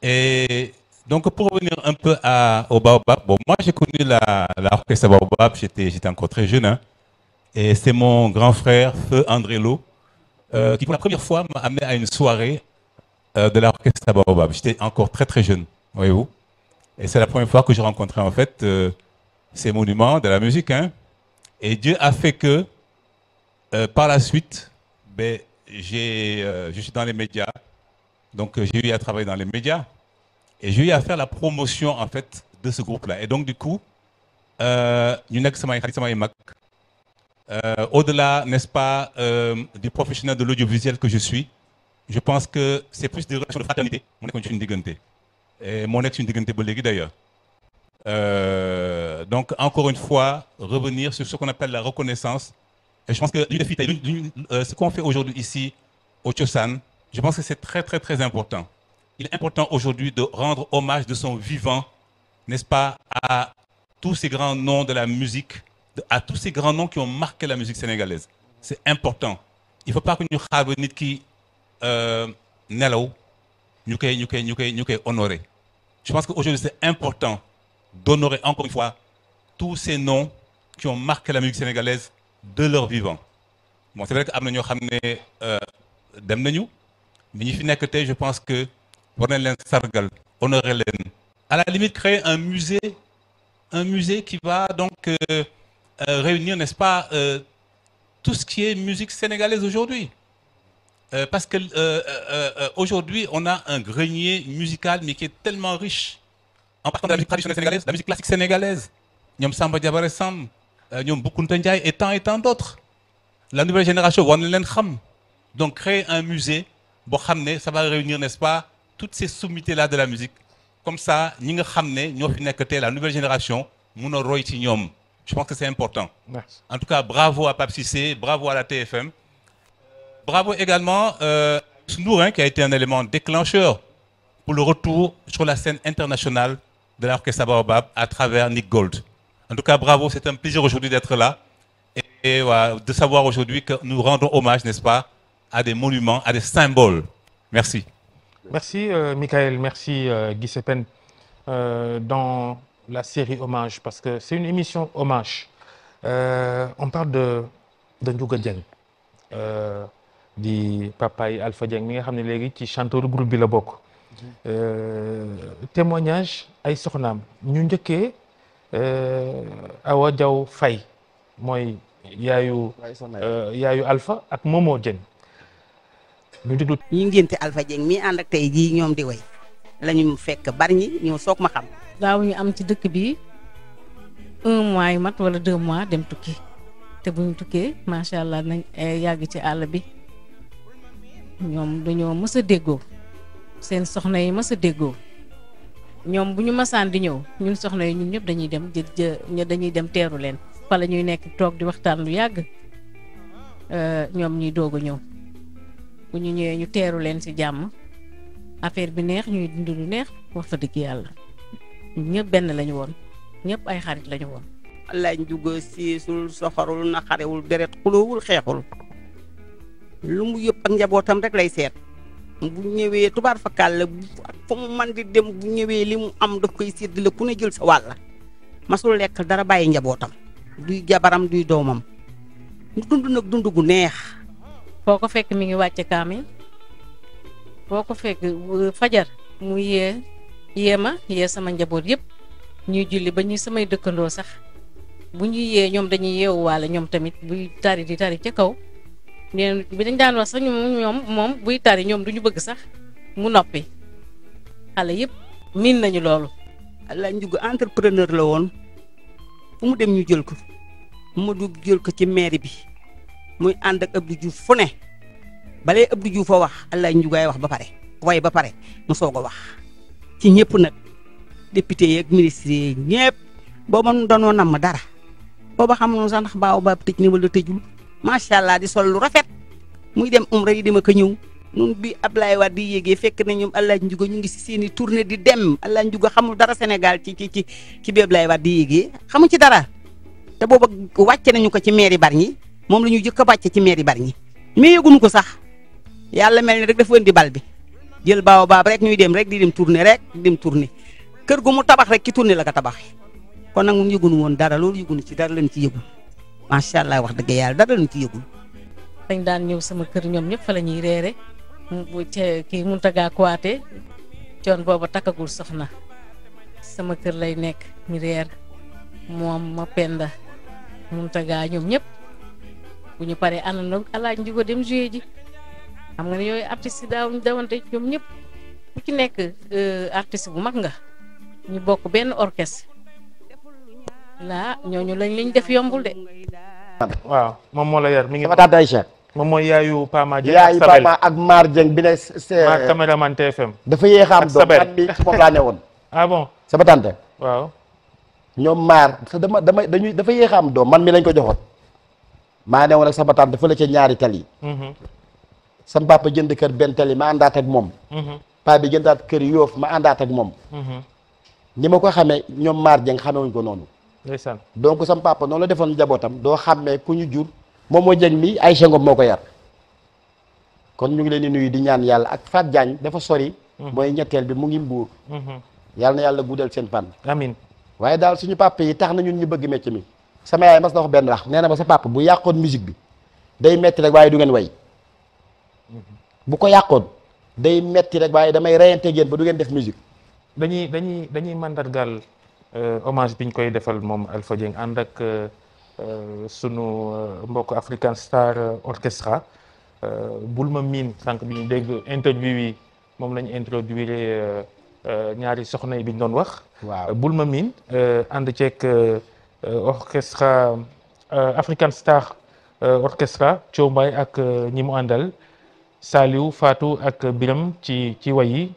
et donc pour revenir un peu à au bon moi j'ai connu l'orchestre Baobab j'étais encore très jeune et c'est mon grand frère feu André Lo euh, qui pour la première Euh, de l'orchestre Baobab. J'étais encore très très jeune, voyez Et c'est la première fois que j'ai rencontré en fait euh, ces monuments de la musique. Hein. Et Dieu a fait que euh, par la suite, ben, j'ai, euh, je suis dans les médias. Donc euh, j'ai eu à travailler dans les médias. Et j'ai eu à faire la promotion en fait de ce groupe-là. Et donc du coup, euh, au-delà, n'est-ce pas, du professionnel de l'audiovisuel que je suis, je pense que c'est plus des relations de fraternité mu nekkoon ci suñu diggante moo nekk suñu diggante ba léegi d'ailleurs euh, donc encore une fois revenir sur ce qu'on appelle la reconnaissance et je pense que li ñu def fii tey ce qu'on fait aujourd'hui ici au Thiossane je pense que c'est très très très important il est important aujourd'hui de rendre hommage de son vivant n'est-ce pas à tous ces grands noms de la musique à tous ces grands noms qui ont marqué la musique sénégalaise Euh, nelaw ñu koy ñu koy ñu koy ñu koy honorer je pense que aujourd'hui c'est important d'honorer encore une fois tous ces noms qui ont marqué la musique sénégalaise de leur vivant bon c'est vrai que am na ñoo xam ne euh, dem nañu mais ñi fi nekk tey je pense que war nañ leen sargal honorer leen à la limite créer un musée un musée qui va donc euh, euh, réunir n'est-ce pas euh, tout ce qui est musique sénégalaise aujourd'hui Euh, parce que euh, euh, euh, aujourd'hui, on a un grenier musical, mais qui est tellement riche. En partant de la musique traditionnelle sénégalaise, la musique classique sénégalaise, ñoom Samba Diabaré Samb, euh, ñoom Boukounta Ndiaye et tant et d'autres. La nouvelle génération war na leen xam. Donc créer un musée boo xam ne ça va réunir, n'est-ce pas, toutes ces sommités-là de la musique. Comme ça, ñi nga xam ne ñoo fi nekk tey la nouvelle génération mun a roy ci ñoom. Je pense que c'est important. En tout cas, bravo à Pape Cissé, bravo à la TFM. Bravo également euh, Ndour, hein, qui a été un élément déclencheur pour le retour sur la scène internationale de l'orchestre Baobab à travers Nick Gold. En tout cas, bravo, c'est un plaisir aujourd'hui d'être là et, de savoir aujourd'hui que nous rendons hommage, n'est-ce pas, à des monuments, à des symboles. Merci. Merci euh, merci euh, euh la série Hommage, parce que c'est une émission Hommage. Euh, on parle de, de Ndiouga di papa yi Alpha Dieng mi nga xam ne léegi ci chanteur groupe bi la bokk. Mhm. Euh, témoignage ay soxnaam ñu njëkkee euh, Awa Diaw fay mooy yaayu. Euh, yaayu Alpha ak Momo Dieng. ñu déglu. ñu ngénte Alpha Dieng mi ànd ak tey jii ñoom di way la fekk bari ñi ñoo soog ma xam. daaw ñu am ci dëkk bi un mois yu mat wala deux mois dem tukki te bu ñu tukkee macha allah nañ eh, yàgg ci àll bi. ñoom dañoo mës a déggoo seen soxna yi mës déggoo ñoom bu ñu masaan di ñëw ñun soxna yi ñun ñëpp dañuy dem jë dañuy dem teeru leen fa ñuy nekk toog di waxtaan lu yàgg euh, ñoom ñuy doog a ñëw bu ñu ñëwee ñu teeru leen ci jàmm affaire bi neex ñuy dund lu neex wax fa dëgg yàlla ñëpp benn lañu woon ñëpp ay xarit lañu woon. lañ jugee siisul soxorul naqarewul deret xuloowul xeexul. lu mu yëpp ak njabootam rek lay seet bu ñëwee tubaar fakal la fa mu man di dem bu ñëwee li mu am daf koy sédd la ku ne jël sa wàlla masul lekk dara bàyyi njabootam duy jabaram duy doomam mu dund nag dund gu neex foo ko fekk mi ngi wàcce kaamil foo ko fekk euh, fajar mu yee yee ma yee sama njaboot yëpp ñuy julli ba ñuy samay dëkkandoo sax bu ñuy yee ñoom dañuy yeewuwaale ñoom tamit buy tari di tari ca kaw neen bi dañ daan wax sax moom buy tari ñoom duñu bëgg sax mu noppi xale yëpp miin nañu loolu Alla Ndiouga entrepreneur la woon fu mu dem ñu jël ko mu du jël ko ci mairie bi muy ànd ak Abdou Diouf fu ne balee Abdou Diouf a wax Alla Ndiougaay wax ba pare way ba pare mu soog a wax ci ñëpp nag député yeeg ministre yeeg ñëpp booba nu danoo namm dara booba xam nu sax ndax baaw ba tëj ni wala tëjul macha allah di sol lu rafet muy dem umra di dama ko ñëw nun bi Ablaye Wade di yéegee fekke na ñoom Alla Ndiouga ñu ngi si seen i di dem Alla Ndiouga xamul dara Sénégal ci ci ci ci bi Ablaye Wade di yéegee xamu ci dara te booba wàcce nañu ko ci meer bar ñi moom la ñu jëkk a wàcce ci mairie Bargny mais yëgunu ko sax yàlla mel ni rek dafa indi bal bi jël baaw baab rek ñuy dem rek di dem tournée rek di dem tournée kër gu mu tabax rek ki tournée la ko tabax kon nag ñun woon dara loolu yëgunu ci dara lañ ci yëgul macha allah wax dëgg yàlla dara ñu ci yëgul. dañ daan ñëw sama kër ñoom ñëpp fa la ñuy reere mu mm, kii Mountaga Kouaté coon booba takkagul soxna sama kër lay nekk ñu reer moom ma penda Mountaga ñoom ñëpp bu ñu paree ànd na alaaj njugo dem joué ji xam nga ne yooyu artiste yi daawuñu dawante ñoom ñëpp ku ci nekk euh, artiste bu mag nga ñu bokk benn orchestre laa ñooñu lañ liñ def yombul de. waaw moom moo la yar mi ngi. sama tante Aïcha. moom mooy yaayu Pama Dieng yaayu Pama ak Mar Dieng bi ne. maa caméraman TFM. dafa a am doom man mi ci moom laa ne woon. ah bon sama tante. a lañ ko joxoon. ma ne woon ak sama tante fële ca ñaari tali. yi mm-hmm. papa jënd kër benn tali ma àndaat ak moom. Mm-hmm. paa bi jëndaat kër yoof ma àndaat ak moom. Mm-hmm. ni ma ko xamee ñoom Mar Dieng xamee wuñ ko noonu. ndeysaan donc sam papa noonu la defoon njabootam doo xàmmee ku ñu jur moom moo jëg mi ay sengom moo ko yar kon ñu ngi leen di nuyu di ñaan yàlla ak Fat jaañ dafa sori mm-hmm. mooy ñetteel bi mu ngi mbuur mm-hmm. yàlla na yàlla guddal seen fan amiin waaye daal suñu pàpp yi tax na ñun ñu bëgg métier mi sama yaay mas na wax benn rax nee na ma sa papa bu yàqoon musique bi day metti rek waaye du ngeen way mm-hmm. bu ko yàqoon day metti rek waaye damay reyante gen ba du ngeen def musique dañuy dañuy dañuy mandargal Euh, hommage bi ñu koy defal moom Alpha Dieng ànd ak euh, euh, sunu mbokk African Star Orchestra bul ma miin sànq bi ñu dégg interview yi moom la ñu introduire ñaari soxna yi bi doon wax. waaw bul ma miin ànd ceeg orchestra African Star Orchestra Thio ak ñi mu àndal Saliou Fatou ak Biram ci ci way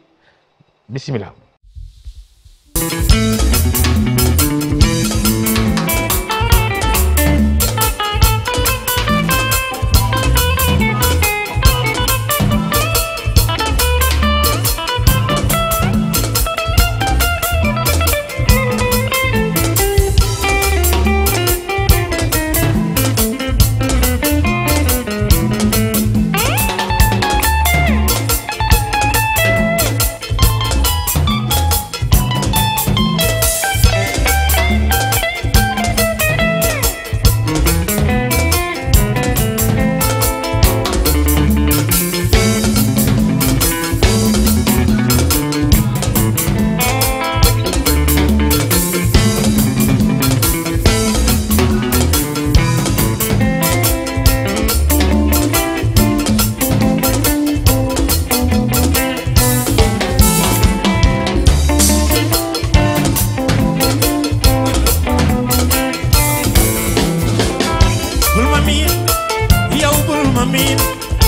bisimilah.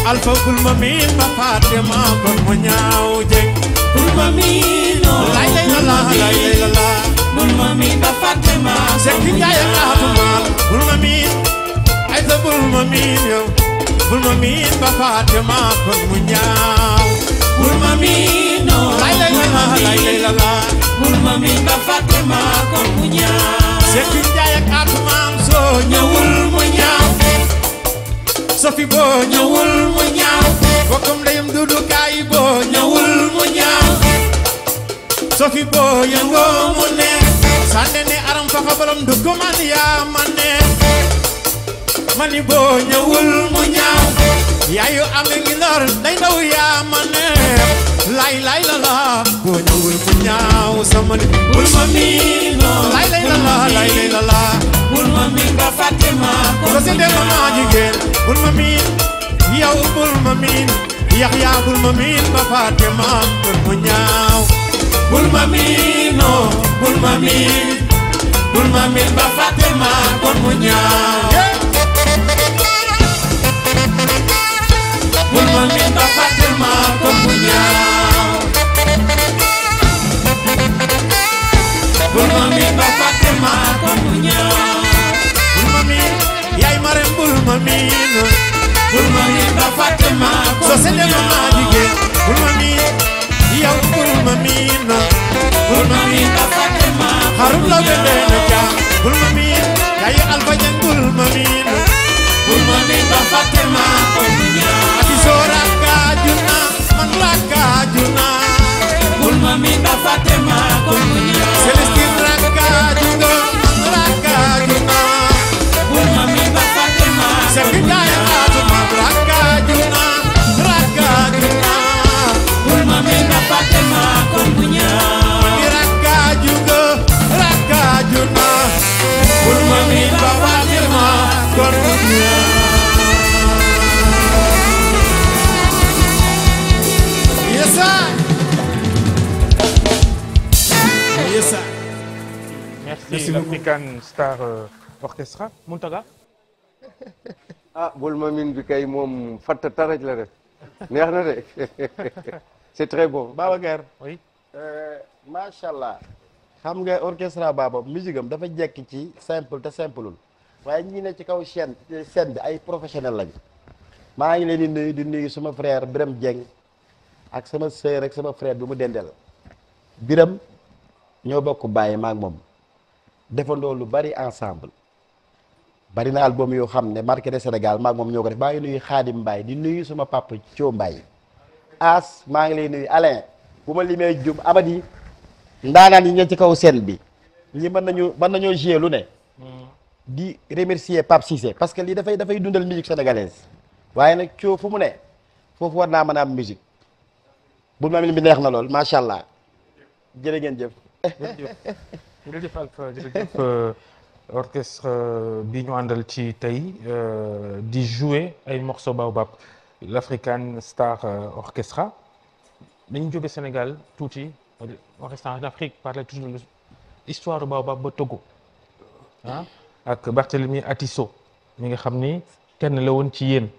alfa kul ma miin ba Fatima kon mu ñaaw jëg kul ma miinoo lay lay la la lay lay la la kul ma miin ba Fatima sekki njaay ak laatu maal kul ma miin ay sa kul ma miin yow kul ma miin ba Fatima kon mu ñaaw kul ma miinoo lay lay la la lay lay la la kul ma miin ba Fatima kon mu ñaaw sekki njaay ak laatu maal soo ñëwul mu ñaaw sofi boo ñëwul mu ñaaw bokkam mu ñaaw mu neex sànne ne aram fa xabalam du man yaa ma neex mani boo ñëwul mu ñaaw yaayu ame ngi lor day ndaw yaa ma neex lay lay la boo ñëwul mu ñaaw sama ni bul ma miinoo ma miin ba Fatima ko si del ma maa jigéen bul ma miin yow bul ma miin Yaxya bul ma miin ba Fatima bul mu ñaaw bul ma miin non bul ma miin bul ma miin ba Fatima kon mu ñaaw bul ma miin ba Fatima kon mu ñaaw bul ma miin ba Fatima ma miin bul ma miin ba fàtte maa ko soo seetlee ma maa jigéen bul ma miin yow bul ma miin bul ma miin ba fàtte maa ko xarul la ba dee na jaa bul ma miin yaay alfa jën bul ma miin bul ma miin ba fàtte maa ko ati soo rakkaaju naa man rakkaaju naa bul ma miin ba fàtte maa ko Célestine rakkaaju nga man rakkaaju naa African Star euh, Orchestra Mountaga ah bul ma min bi kay moom fatt taraj la def neex na de c'est très bon Babacar oui euh, macha allah xam nga orchestra Baba musique am dafa jekk ci simple te simpleul waaye ñi ne ci kaw chaîne scène bi ay professionnel lañ maa ngi leen di nuyu di nuyu sama frère Birame Dieng ak sama sœur ak sama frère bi mu dendeel Birame ñoo bokk bàyyi maak moom defandoo lu bari ensemble bari na album yoo xam ne marqué e Sénégal maag moom ñoo ko def maa ngi nuyu Xaadim Mbaye di nuyu sama papa Thio Mbaye as maa ngi lay nuyu Alain bu ma limee jum amadi ndaanaan yi ñeen ci kaw seen bi ñi mën nañu mën nañoo jouer lu ne di remercier Pape Cissé parce que lii dafay dafay dundal musique sénégalaise waaye nag Thio fu mu ne foofu war naa mën a am musique bu ma bi neex na lool macha allah jërë ngeen jëf jërëjëf Alpha jërëjëf euh, orchestre euh, bi ñu àndal ci tey euh, di jouer ay morceaux baobab l'African Star Orchestra dañu jóge Sénégal tuuti en restant en Afrique parler toujours de l'histoire baobab ba Togo ak Barthélemy Atisso mi ngi xam ni kenn lawoon ci yéen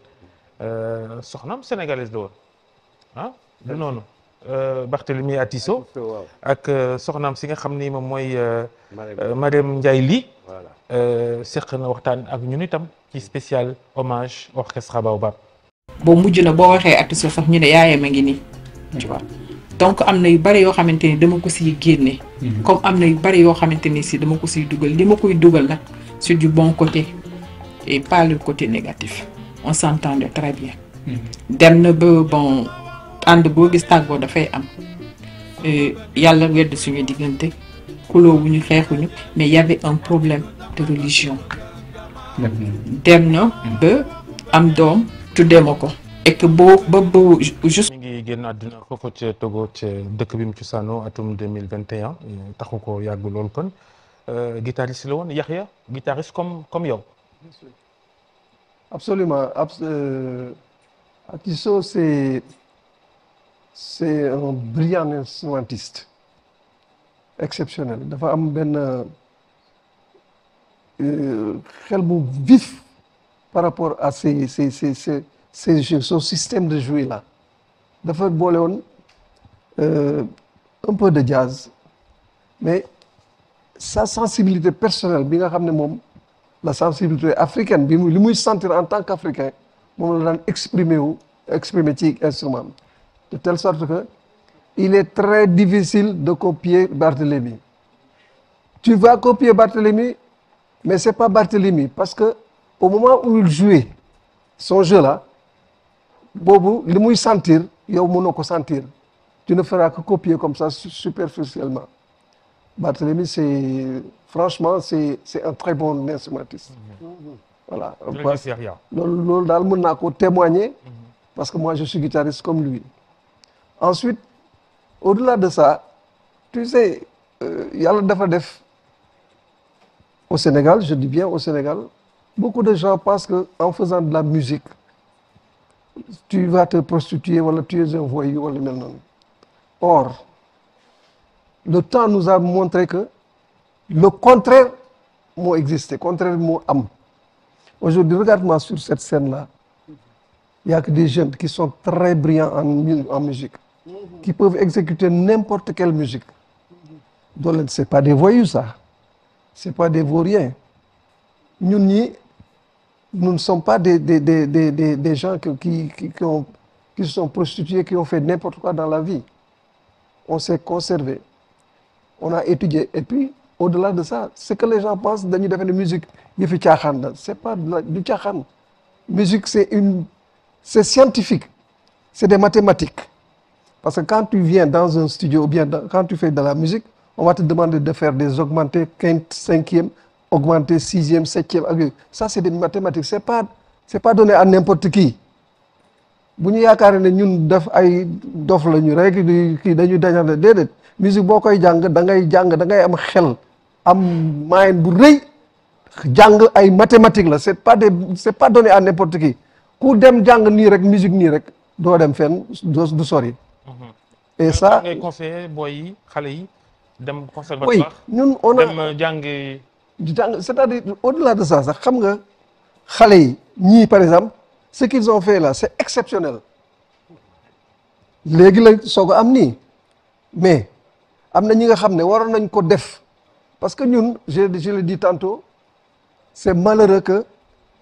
soxnaam sénégalaise la woon noonu Euh, Barthélemy Atisso ak euh, soxnaam si nga xam ni moom mooy euh, Marème Ndiaye Ly seq na waxtaan ak ñun itam ci spécial hommage orchestre Baobab boo mujj na boo waxee Atisso sax ñu ne yaayam a ngi nii tu donc am na yu bari yoo xamante ni dama ko si génne mhm. comme am na yu bari yoo xamante ni si dama ko siy dugal li ma koy dugal nag c'est du bon côté et pas le côté négatif on s'entendait très bien mhm. dem na ba bon ànd boo gis tàggoo dafay am euh, yàlla wedd suñu diggante kuloo wu ñu xeexuñu mais y avait un problème de religion dem na ba am doom tuddee ma ko et boo ba ba juste mi ngi génn àdduna foofu ca Togo ca dëkk bi mu cosaanoo atum 2021 taxu ko yàgg lool kon euh, guitariste la woon Yaxya guitariste comme comme yow c'est un brillant instrumentiste exceptionnel dafa am benn euh, xel bu vif par rapport à ces ces ces son système de jouer là dafa boole woon euh, un peu de jazz mais sa sensibilité personnelle bi nga xam ne moom la sensibilité africaine bi muy li muy sentir en tant qu'africain moom la daan exprimer wu exprimer ci instrument de telle sorte que il est très difficile de copier Barthélemy. Tu vas copier Barthélemy, mais c'est pas Barthélemy parce que au moment où il jouait son jeu là boobu li muy sentir yow mënoo ko sentir tu ne feras que copier comme ça superficiellement Barthélemy c'est franchement c'est c'est un très bon instrumentiste. voilà loolu loolu daal mën naa ko témoigner. Mm-hmm. parce que moi je suis guitariste comme lui. ensuite au-delà de ça tu sais euh, yàlla dafa def au Sénégal je dis bien au Sénégal beaucoup de gens pensent que en faisant de la musique tu vas te prostituer wala tu es un voyou wala mel noonu or le temps nous a montré que le contraire moo existé contraire moo am aujourd'hui regarde-moi sur cette scène là il y que des jeunes qui sont très brillants en en musique qui peuvent exécuter n'importe quelle musique donc c'est pas des voyous ça c'est pas des vauriens ñun ñi nu ne sommes pas des des des des des, des gens qui qui qui ont qui se sont prostitués qui ont fait n'importe quoi dans la vie on s'est conservé on a étudié et puis au-delà de ça ce que les gens pensent dañu defe ne musique yëfi caaxaan la c'est pas du caaxaan musique c'est une c'est scientifique c'est des mathématiques Parce que quand tu viens dans un studio ou bien dans, quand tu fais de la musique, on va te demander de faire des augmentés, quinte, cinquième, augmenté, sixième, septième. Ça, c'est des mathématiques. Ce n'est pas, pas donné à n'importe bu ñu yaakaar ne ñun def ay dof la ñu rek di kii dañuy dañale déedéet musique boo koy jàng da ngay jàng da ngay am xel am moyen bu rëy jàng ay mathématiques la c'est pas des c'est pas donné à n'importe ku dem jàng nii rek musique nii rek doo dem fenn du sori et euh, ça ngay conseillé booy yi xale yi dem conservatoire ñun on a dem euh, jàngi. jàng c'est-à-dire au de la de ça sax xam nga xale yi ñii par exemple ce qu'ils ont fait là c'est exceptionnel léegi la soog a am nii mais am na ñi nga xam ne waroon nañ ko def parce que ñun je je l'ai dit tantôt c'est malheureux que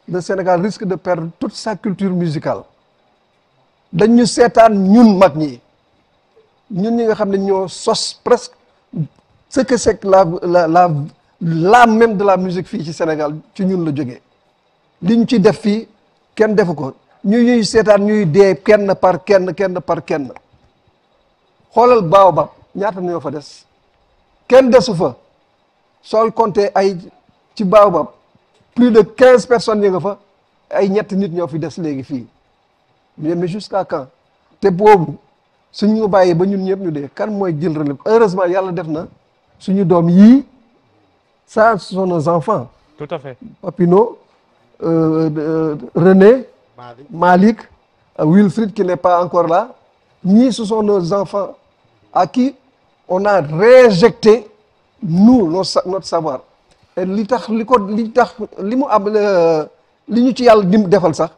le Sénégal risque de perdre toute sa culture musicale dañ ñu seetaan ñun mag ñi. ñun ñi nga xam ne ñoo sos presque ce que c'est que la la la l'âme même de la musique fii ci Sénégal ci ñun la jógee li ñu ci def fii kenn defu ko ñu ñuy seetaan ñuy dee kenn par kenn kenn par kenn xoolal baaw Baobab ñaata ñoo fa des kenn desu fa sol compté ay ci Baobab plus de quinze personnes yi nga fa ay ñetti nit ñoo fi des léegi fii mais jusqu'à quand te boobu suñ ñu bàyyi ba ñun ñëpp ñu dee kan mooy jël relève heureusement yàlla def na suñu doom yii ça ce sont nos enfants. tout à fait Papineau euh, René. Malick Malick euh, Wilfried qui n'est pas encore la ñii ce sont nos enfants à qui on a réinjecté nous notre savoir li tax li ko li tax li mu am euh, li ñu ci yàlla dim defal sax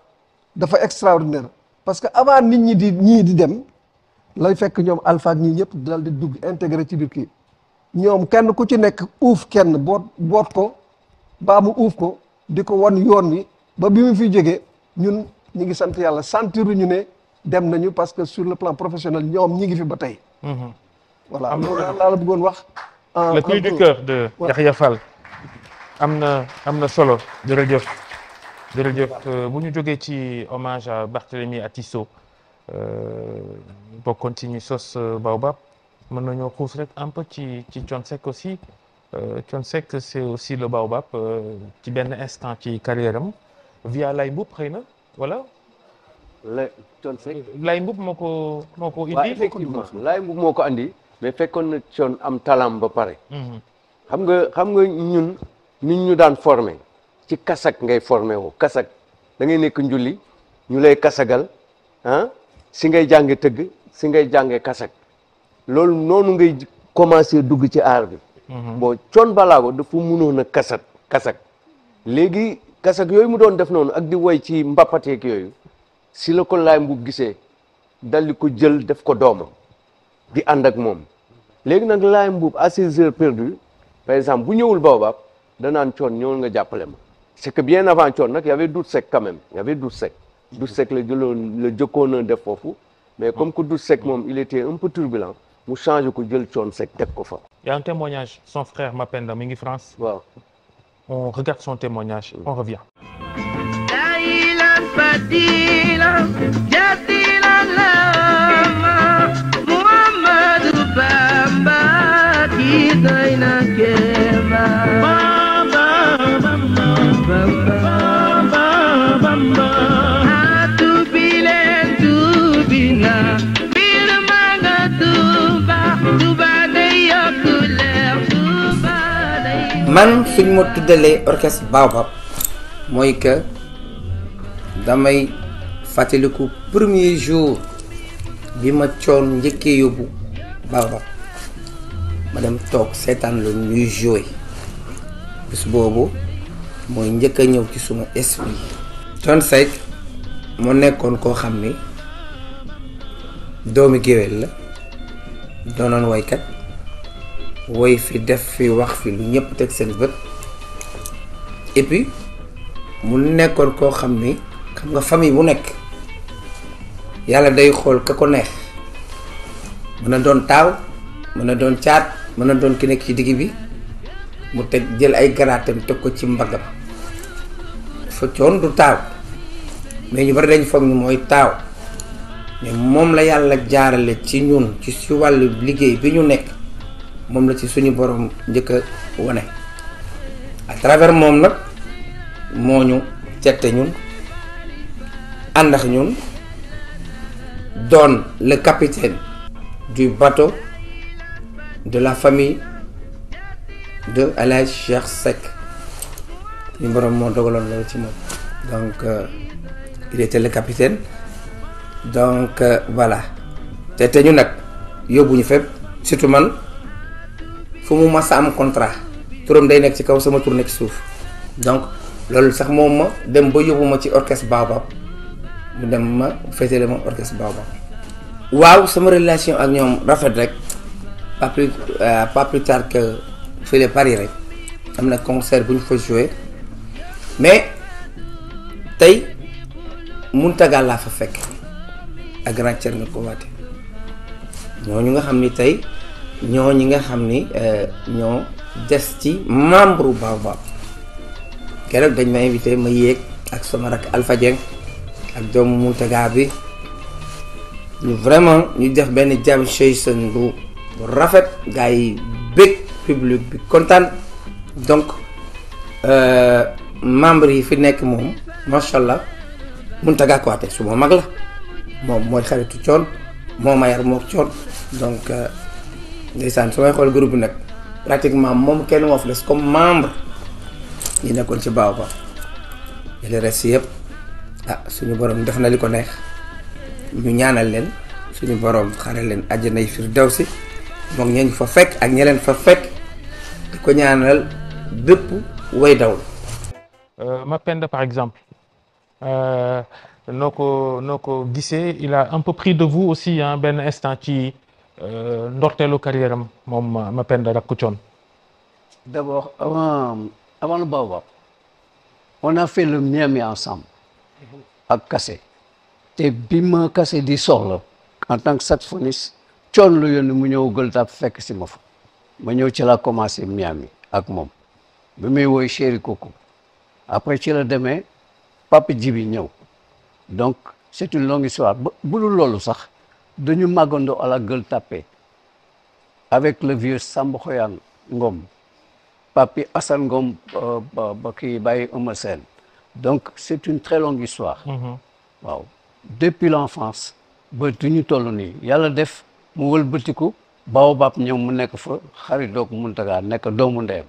dafa extraordinaire parce que avant nit ñi di ñii di dem. lay fekk ñoom alpha ñii ñi ñëpp di dugg intégré ci biir kii ñoom kenn ku ci nekk uuf kenn boot boot ko baa mu uuf ko di ko wan yoon wi ba bi mu fi jógee ñun ñi ngi sant yàlla sentiru ñu ne dem nañu parce que sur le plan professionnel ñoom ñi ngi fi ba tey. Mm-hmm. voilà loolu laa la bëggoon wax. le cri am na am na solo jërëjëf jërëjëf euh, bu ñu jógee ci hommage à Barthélemy Atisso bokkoon ci sos sos Baobab mën nañoo xuus rek un ci ci Thione Seck aussi euh, Thione Seck c'est aussi le Baobab euh, ci benn instant ci carrière am via Laye Mboup xëy na voilà. la Thione Seck Laye Mboup moo ko moo ko indi. waaw effectivement moo ko andi. mais fekkoon na Thione am talaam ba pare. Mhm. xam nga xam nga ñun nit ñu daan forme ci kasak ngay formé woo kasak dangay ngay nekk njulli ñu lay kasagal si ngay jànge tëgg si ngay jànge kasak loolu noonu ngay commencé dugg ci aar bi mhm. bon coon balaago dafa mënoon a kasat kasak léegi kasak yooyu mu doon def noonu ak di woy ci mbappateek yooyu si la ko laay mbu gisee dal di ko jël def ko doomam di ànd ak moom léegi nag laay mbuub à ses heures perdues par exemple bu ñëwul da naan coon ñëwul nga jàppale ma c'est que bien avant coon nag y avait Doute Seck quand même sek du sec la jëloon la jëkkoon a mais comme que du sec moom il était un peu turbulent mu changé ko jël coon sec teg ko fa. y un témoignage son frère Mapenda mi ngi France. waaw on regarde son témoignage mm. on revient. Bamba, bamba, bamba. man fi ma tuddalee orchestre Baobab mooy que damay fàttaliku premier jour bi ma coon njëkkee yóbbu Baobab ma dem toog seetaan la ñuy joué bis boobu mooy njëkk a ñëw ci suma esprit. Thione nekkoon koo xam ni doomi géwél la doonoon woykat woy fi def fi wax fi lu ñëpp teg seen bët et mu nekkoon koo xam ni xam nga famille bu nekk yàlla day xool ka ko neex mën a doon taaw mën a doon caat mën na doon ki nekk ci digg bi mu teg jël ay garaatam teg ko ci mbaggam dafa coon du taaw mais ñu bari dañ foog ni mooy taaw mais moom la yàlla jaarale ci ñun ci si wàllu liggéey bi ñu nekk moom la ci suñu borom njëkk wane à travers moom nag moo ñu tette ñun ànd ñun doon le capitaine du bateau de la famille de El Hadj Cheikh Seck suñu borom moo dogaloon loolu ci moom donc euh, il était le capitaine donc euh, voilà te ñu nag yóbbuñu fépp surtout man. fu mu mas am contrat turam day nekk ci kaw sama tur ci suuf donc loolu sax moom ma dem ba yóbbu ma ci orchestre Baobab mu dem ma féetale ma orchestre Baobab waaw sama relation ak ñoom rafet rek pas plus euh, pas plus tard que fële Paris rek am na concert bu ñu fa joué mais tey Mountaga laa fa fekk ak grand Thierno Konaté ñooñu nga xam ni tey. ñoo ñi nga xam ni euh, ñoo des ci membre Baobab keroog dañ ma invité ma yéeg ak sama rak Alpha ak doomu Moutaga bi ñu vraiment ñu def benn jam session bu rafet gars yi bëgg public bi kontaan donc euh, membre yi fi nekk moom macha allah Moutaga Kouaté su ma mag la moom mooy xaritu coon moo ma yar mook coon ndeysaan su may xool groupe bi nag pratiquement moom kenn moo fi des comme membre yi nekkoon ci baaw ba le reste yëpp ah suñu borom def na li ko neex ñu ñaanal leen suñu borom xare leen àjjana yi si moom ñañ fa fekk ak ña fa fekk di ko ñaanal bépp way daw. Euh, ma pend par exemple. Euh, noo ko noo ko gisee il a un peu pris de vous aussi hein benn instant ci. Euh, ndorteelu carrière am moom Mapenda Raku Thion. d' abord avant avant le Baobab on a ensemble ak kase te bi ma Kassé di soxla en tant que saxophoniste Thion lu yónni mu ñëw Gueule Tapée fekk si ma fa ma ñëw ci la commencé Miami ak moom bi muy woy Chéri Coco après ci la demee Papa Djibi ñëw donc c' une longue histoire bu dul loolu sax. dañu màggandoo à la Gueule Tapée avec le vieux Samba Ngom papi Assane Ngom euh, ba kii bàyyi Eumeu Sène donc c'est une très longue histoire mm-hmm. depuis l'enfance ba du ñu toll ni yàlla def mu wëlbatiku baobab ñëw mu nekk fa xarit mu Muntaga nekk doomu ndeyam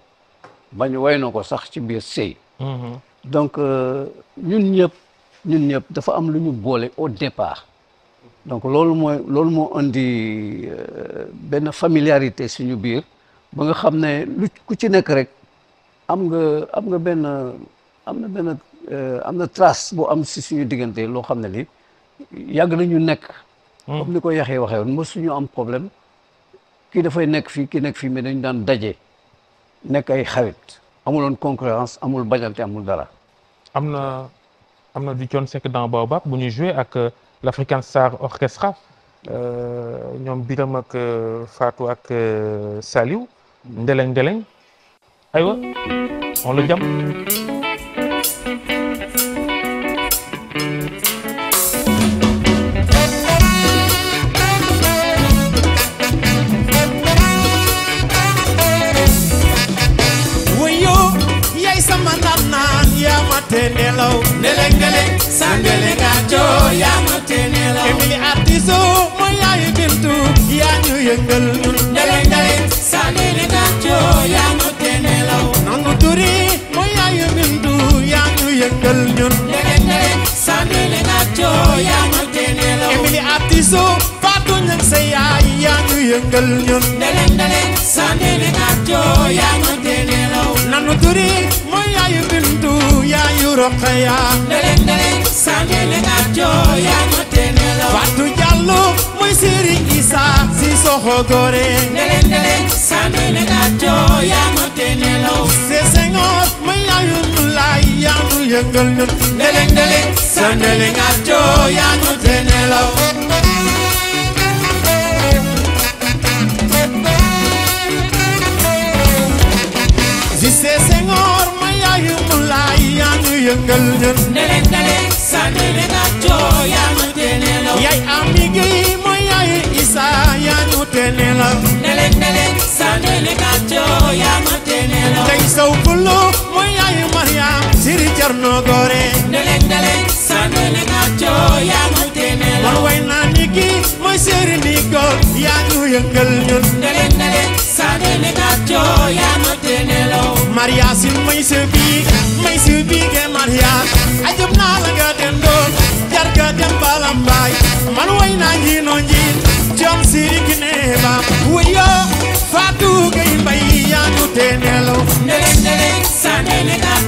ba ñu ko sax ci biir sëy mm-hmm. donc euh, ñun ñëpp ñun ñëpp dafa am lu ñu boole au départ donc loolu mooy loolu moo indi euh, benn familiarité suñu biir ba nga xam ne lu ku ci nekk rek am nga am nga benn am na euh, am na trace boo am si suñu diggante loo xam ne li yàgg nañu nekk hmm. comme ni ko yaxee waxee woon mosuñu am problème kii dafay nekk fii kii nekk fi mais dañu daan daje nekk ay xarit amuloon concurrence amul bañante amul dara am na am na du Thione Seck dans bu ñu joué l'African Star Orchestra euh, ñoom Biram ak euh, Fatou ak euh, Saliou Ndeleng Ndeleng aywa on le jam yëngal ñun njële njële saa ni naajoo yaa ñu tee nelaw nangu turi mooy yaayu bindu yaa ñu yëngal ñun njële njële saa ni naajoo yaa ñu tee nelaw Emily Artiso Fatou Niang sa yaay yaa ñu yëngal ñun njële njële saa ni naajoo yaa ñu tee nelaw nangu turi mooy yaayu bindu yaayu Roqaya ndeleng ndeleng sangene ajo yaa ma tenelo Fatou Diallo mooy Serigne Issa Sissoko Goré ndeleng ndeleng sangene ajo yaa ma tenelo Senghor mooy yaayu Ndoulaye yaa nu yëngal ñun ndeleng ndeleng sangene ajo yaa ma tenelo Senghor yëngal ñun. ndeleng ndeleng ne nga joo yaa ñu tee ne la. yaay ami gi mooy yaayu Isa yaa ñu tee ne la. ndeleng ndeleng sànni ne nga joo yaa ñu tee ne la. tey saw bulo mooy yaayu Mariam. siri Cerno Gore. ndeleng ndeleng sànni ne nga joo yaa ñu tee ne way naa ni gi mooy sëriñ Nicole yaa ñu yëngal ñun. ndeleng ndeleng. Maria Maria si may si biig may si biige Maria ajab naa la nga den doon ga dem man way naa ngi coom siiri gi nee ba wuyo Fatou Gay yaa nu tee nelaw ndeleng ndeleng saa nene kaa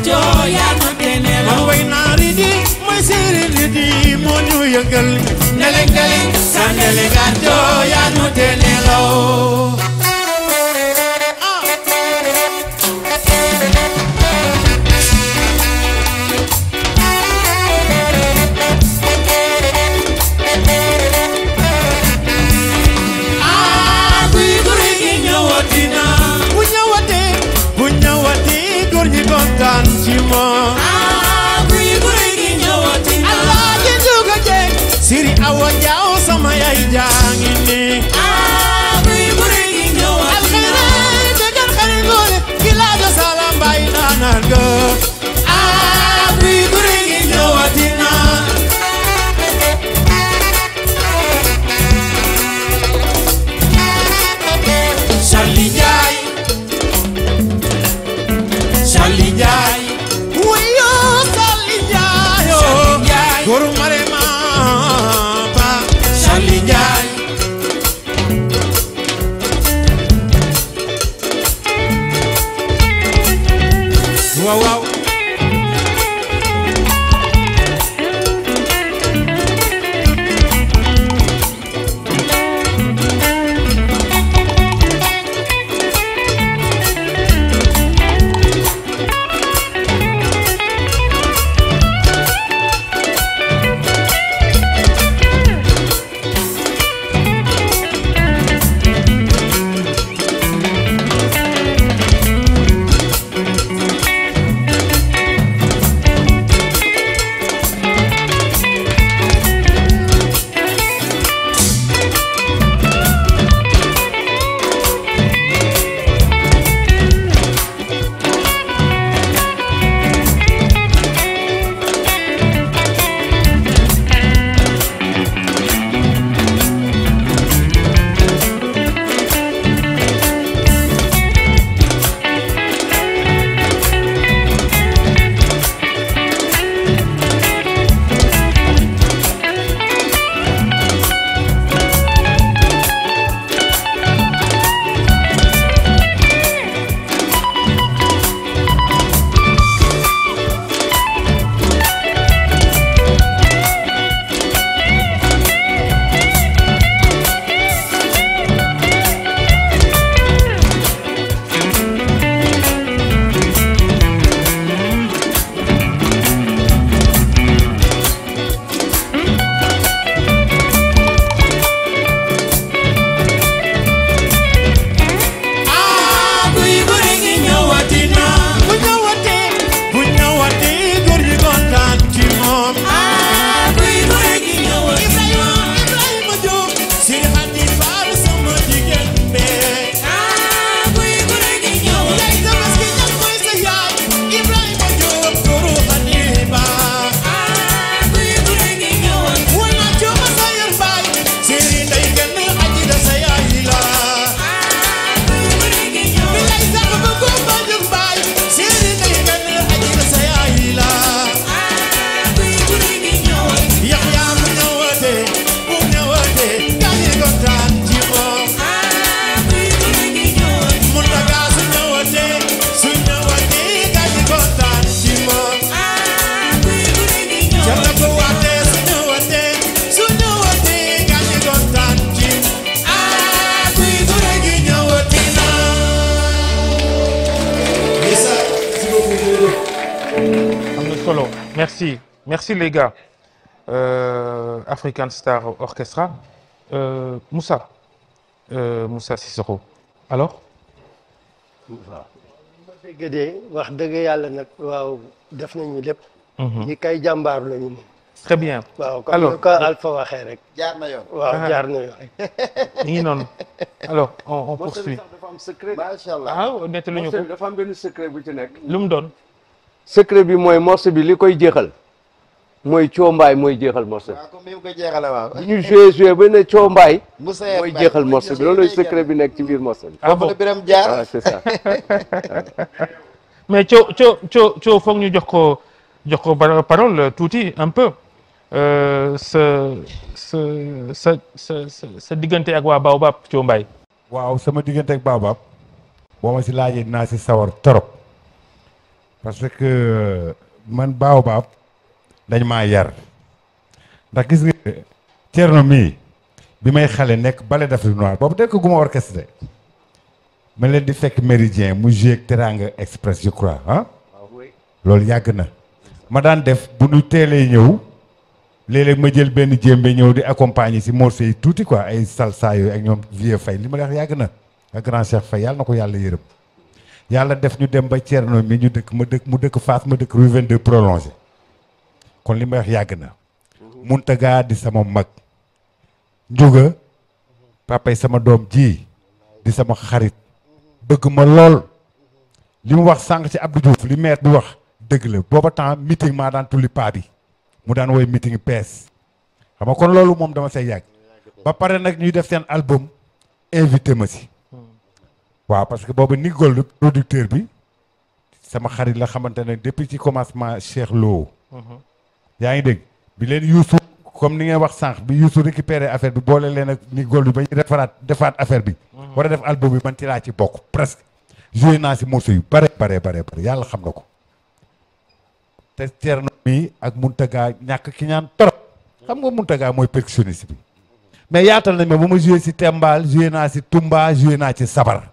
nu tee les gars euh, African Star Orchestra euh, Moussa euh, Moussa Sissoko alors. Moussa. dégg yàlla mhm. bien waaw comme ko Alpha waxee jaar na yoon waaw ah. jaar na ah, bi mooy morceau bi li koy jeexal. mooy coombaay mooy jeexal morceau bi. ñu joué joué ba ne coombaay. mooy jeexal morceau bi loolu secret nekk ci biir morceau bi. ah bon biram ah, mais coo coo coo coo foog ñu jox ko jox ko parole tuuti un euh, sa sa sa sa sa diggante ak waa Baobab coombaay. waaw sama diggante ak Baobab. boo ma si laajee naa si sawar trop. parce que euh, man Baobab. dañ maa yar ndax gis nga Thierno mii bi may xale nekk Ballet d'Afrique noire boobu dëkk gu ma orchestré ma leen di fekk Méridien mu joué Teranga Express je crois ah, ah loolu yàgg na ma daan def bu ñu teelee ñëw léeg ma jël benn jéem jéembe ñëw di accompagner si morceau yi tuuti quoi ay salsa yooyu ak ñoom vieux fay li ma wax yàgg na ak grand Cheikh Faye yàlla na ko yàlla yërëm yàlla def ñu dem ba Thierno mi ñu dëkk ma dëkk mu dëkk Fass ma dëkk rue 22 prolongé kon li may wax yàgg na Muntaga di sama mag njuga papay sama doom ji di sama xarit bëgg ma lool li mu wax sànq ci Abdou Diouf li maire bi wax dëgg la booba temps meeting maa daan tulli paa bi mu daan woy meeting PS xam nga kon loolu moom dama say yàgg ba pare nag ñuy def seen album invité ma si waaw parce que boobu ni gold producteur bi sama xarit la xamante ne depuis ci commencement Cheikh Lo mhm. yaa ngi dégg bi leen Youssou comme ni ngay wax sànq bi Youssou récupéré affaire bi boole leen ak ni gold bi ba ñu defaraat defaat affaire bi. Mhm. war a def album bi man ci laa bokk presque. joué naa si morceau yu bare bare bare bare yàlla xam na ko. te Thierno mi ak Mountaga ñàkk kiñaan ñaan xam nga Mountaga mooy percussionniste bi. mais yaatal nañ ma ba ma joué si Tembal joué naa si Tumba joué naa ci Sabar.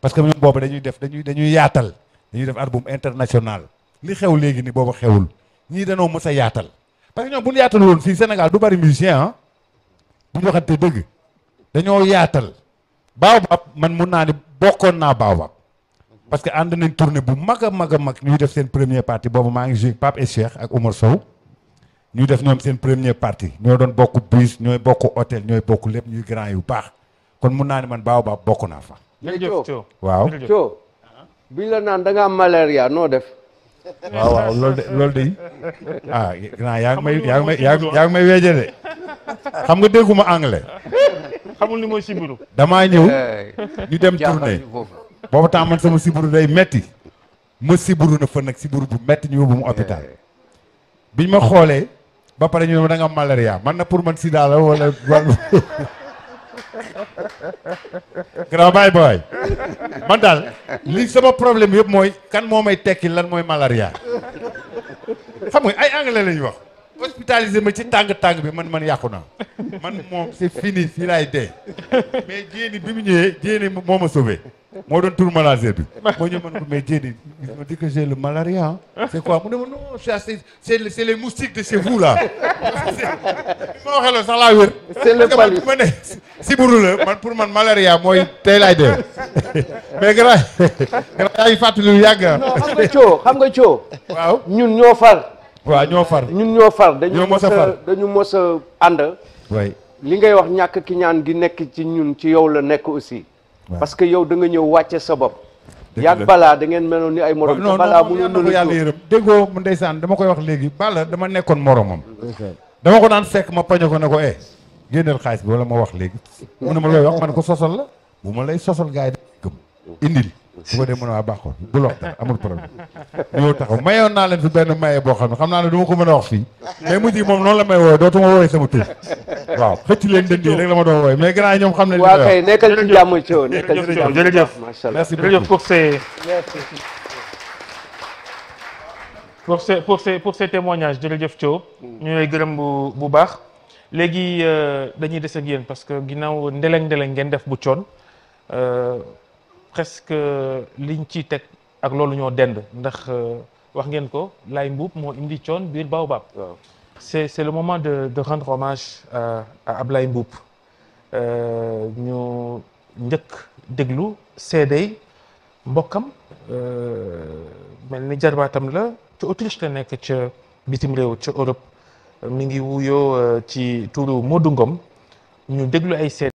parce que ñoom boobu dañuy def dañuy dañuy yaatal dañuy def album international li xew léegi ni boobu xewul. ñii danoo mës a yaatal parce que ñoom bu ñu yaatal woon fii Sénégal du bari musicien ah. bu ñu waxante dëgg dañoo yaatal baobab man mun naa ni bokkoon naa baobab parce que ànd nañ tournée bu mag a mag a mag ñuy def seen premier partie boobu maa ngi joué Pape et Cheikh ak Omar Sow ñuy def ñoom seen premier partie ñoo doon bokk bus ñooy bokk hôtel ñooy bokk lépp ñuy grand yu baax kon mun naa ni man baobab bokk naa fa. jërëjëf waaw. buñ la naan da ngaa noo def. waaw waaw loolu de loolu de ah grand yaa ngi may yaa ngi may yaa ngi may weeje de xam nga déggu ma anglais. xamul ni mooy sibiru. damaa ñëw ñu dem tournée boobu temps sama sibiru day metti ma sibiru na fa nag sibiru bu metti ñu yóbbu mu hôpital biñ ma xoolee ba pare ñu ma da nga malaria man na pour man sida la wala. grand baay booy man daal li sama problème yëpp mooy kan moo may tekki lan mooy malaria xam nga ay anglais la wax hospitalisé ma ci tàng tàng bi man man yàqu naa man moom c'est fini fii laay dee mais jéeni bi mu ñëwee jéeni moo ma sauvé moo doon tour malaise bi moo ñëw mën ko mais Diédi ils m'ont dit que j'ai le malaria c'est quoi mu ne ma non c'est c'est les moustiques de chez vous là ma waxee la sax laa wér c'est le man pour man malaria mooy tey laay dee mais gara gara yaa ngi fàttali lu yàgg non xam xam nga coo waaw ñun ñoo far waa ñoo far ñun ñoo far dañu mos a far dañu mos a ànd li ngay wax ñàkk kiñaan gi nekk ci ñun ci yow la nekk aussi parce que yow da nga ñëw wàcce sa bopp yaag balaa da ngeen meloon ni ay morom non balaa mu ko yàlla yërëm déggoo mu saan dama koy wax léegi bala dama nekkoon moroomam dama ko daan fekk ma pañe ko ne ko e génneel xaalis bi wala ma wax léegi mu na ma looy wax man ko sosol la bu ma lay sosol gars yi gëm indil bu ko dee mën waa baax ko bu la wax dara amul problème ñëw taxaw mayoon naa leen fi benn maye boo xam ne xam naa ne du ko mën a wax fii mais mujj gi moom noonu la may woowee dootuma woowee sama tur waaw xëcc leen dënd yi rek la ma doon woowee mais grand ñoom xam ne waaw kay nekkal ci jàmm ci woon nekkal pour ces pour ces pour ces pour mm. gërëm bu bu baax léegi euh, dañuy des ak yéen parce que ginnaaw ndeleng ndeleng ngeen def bu coon euh, presque liñ ciy teg ak loolu ñoo dend ndax euh, wax ngeen ko Laye Mboup moo indi coon biir Baobab. waaw c'est c'est le moment de de rendre hommage à à Ablaye euh, ñu njëkk déglu seedey mbokkam euh, mel ni jarbaatam la ci Autriche la nekk ca bitim réew ca Europe mu ngi wuyoo ci turu Modou Ngom ñu déglu ay seede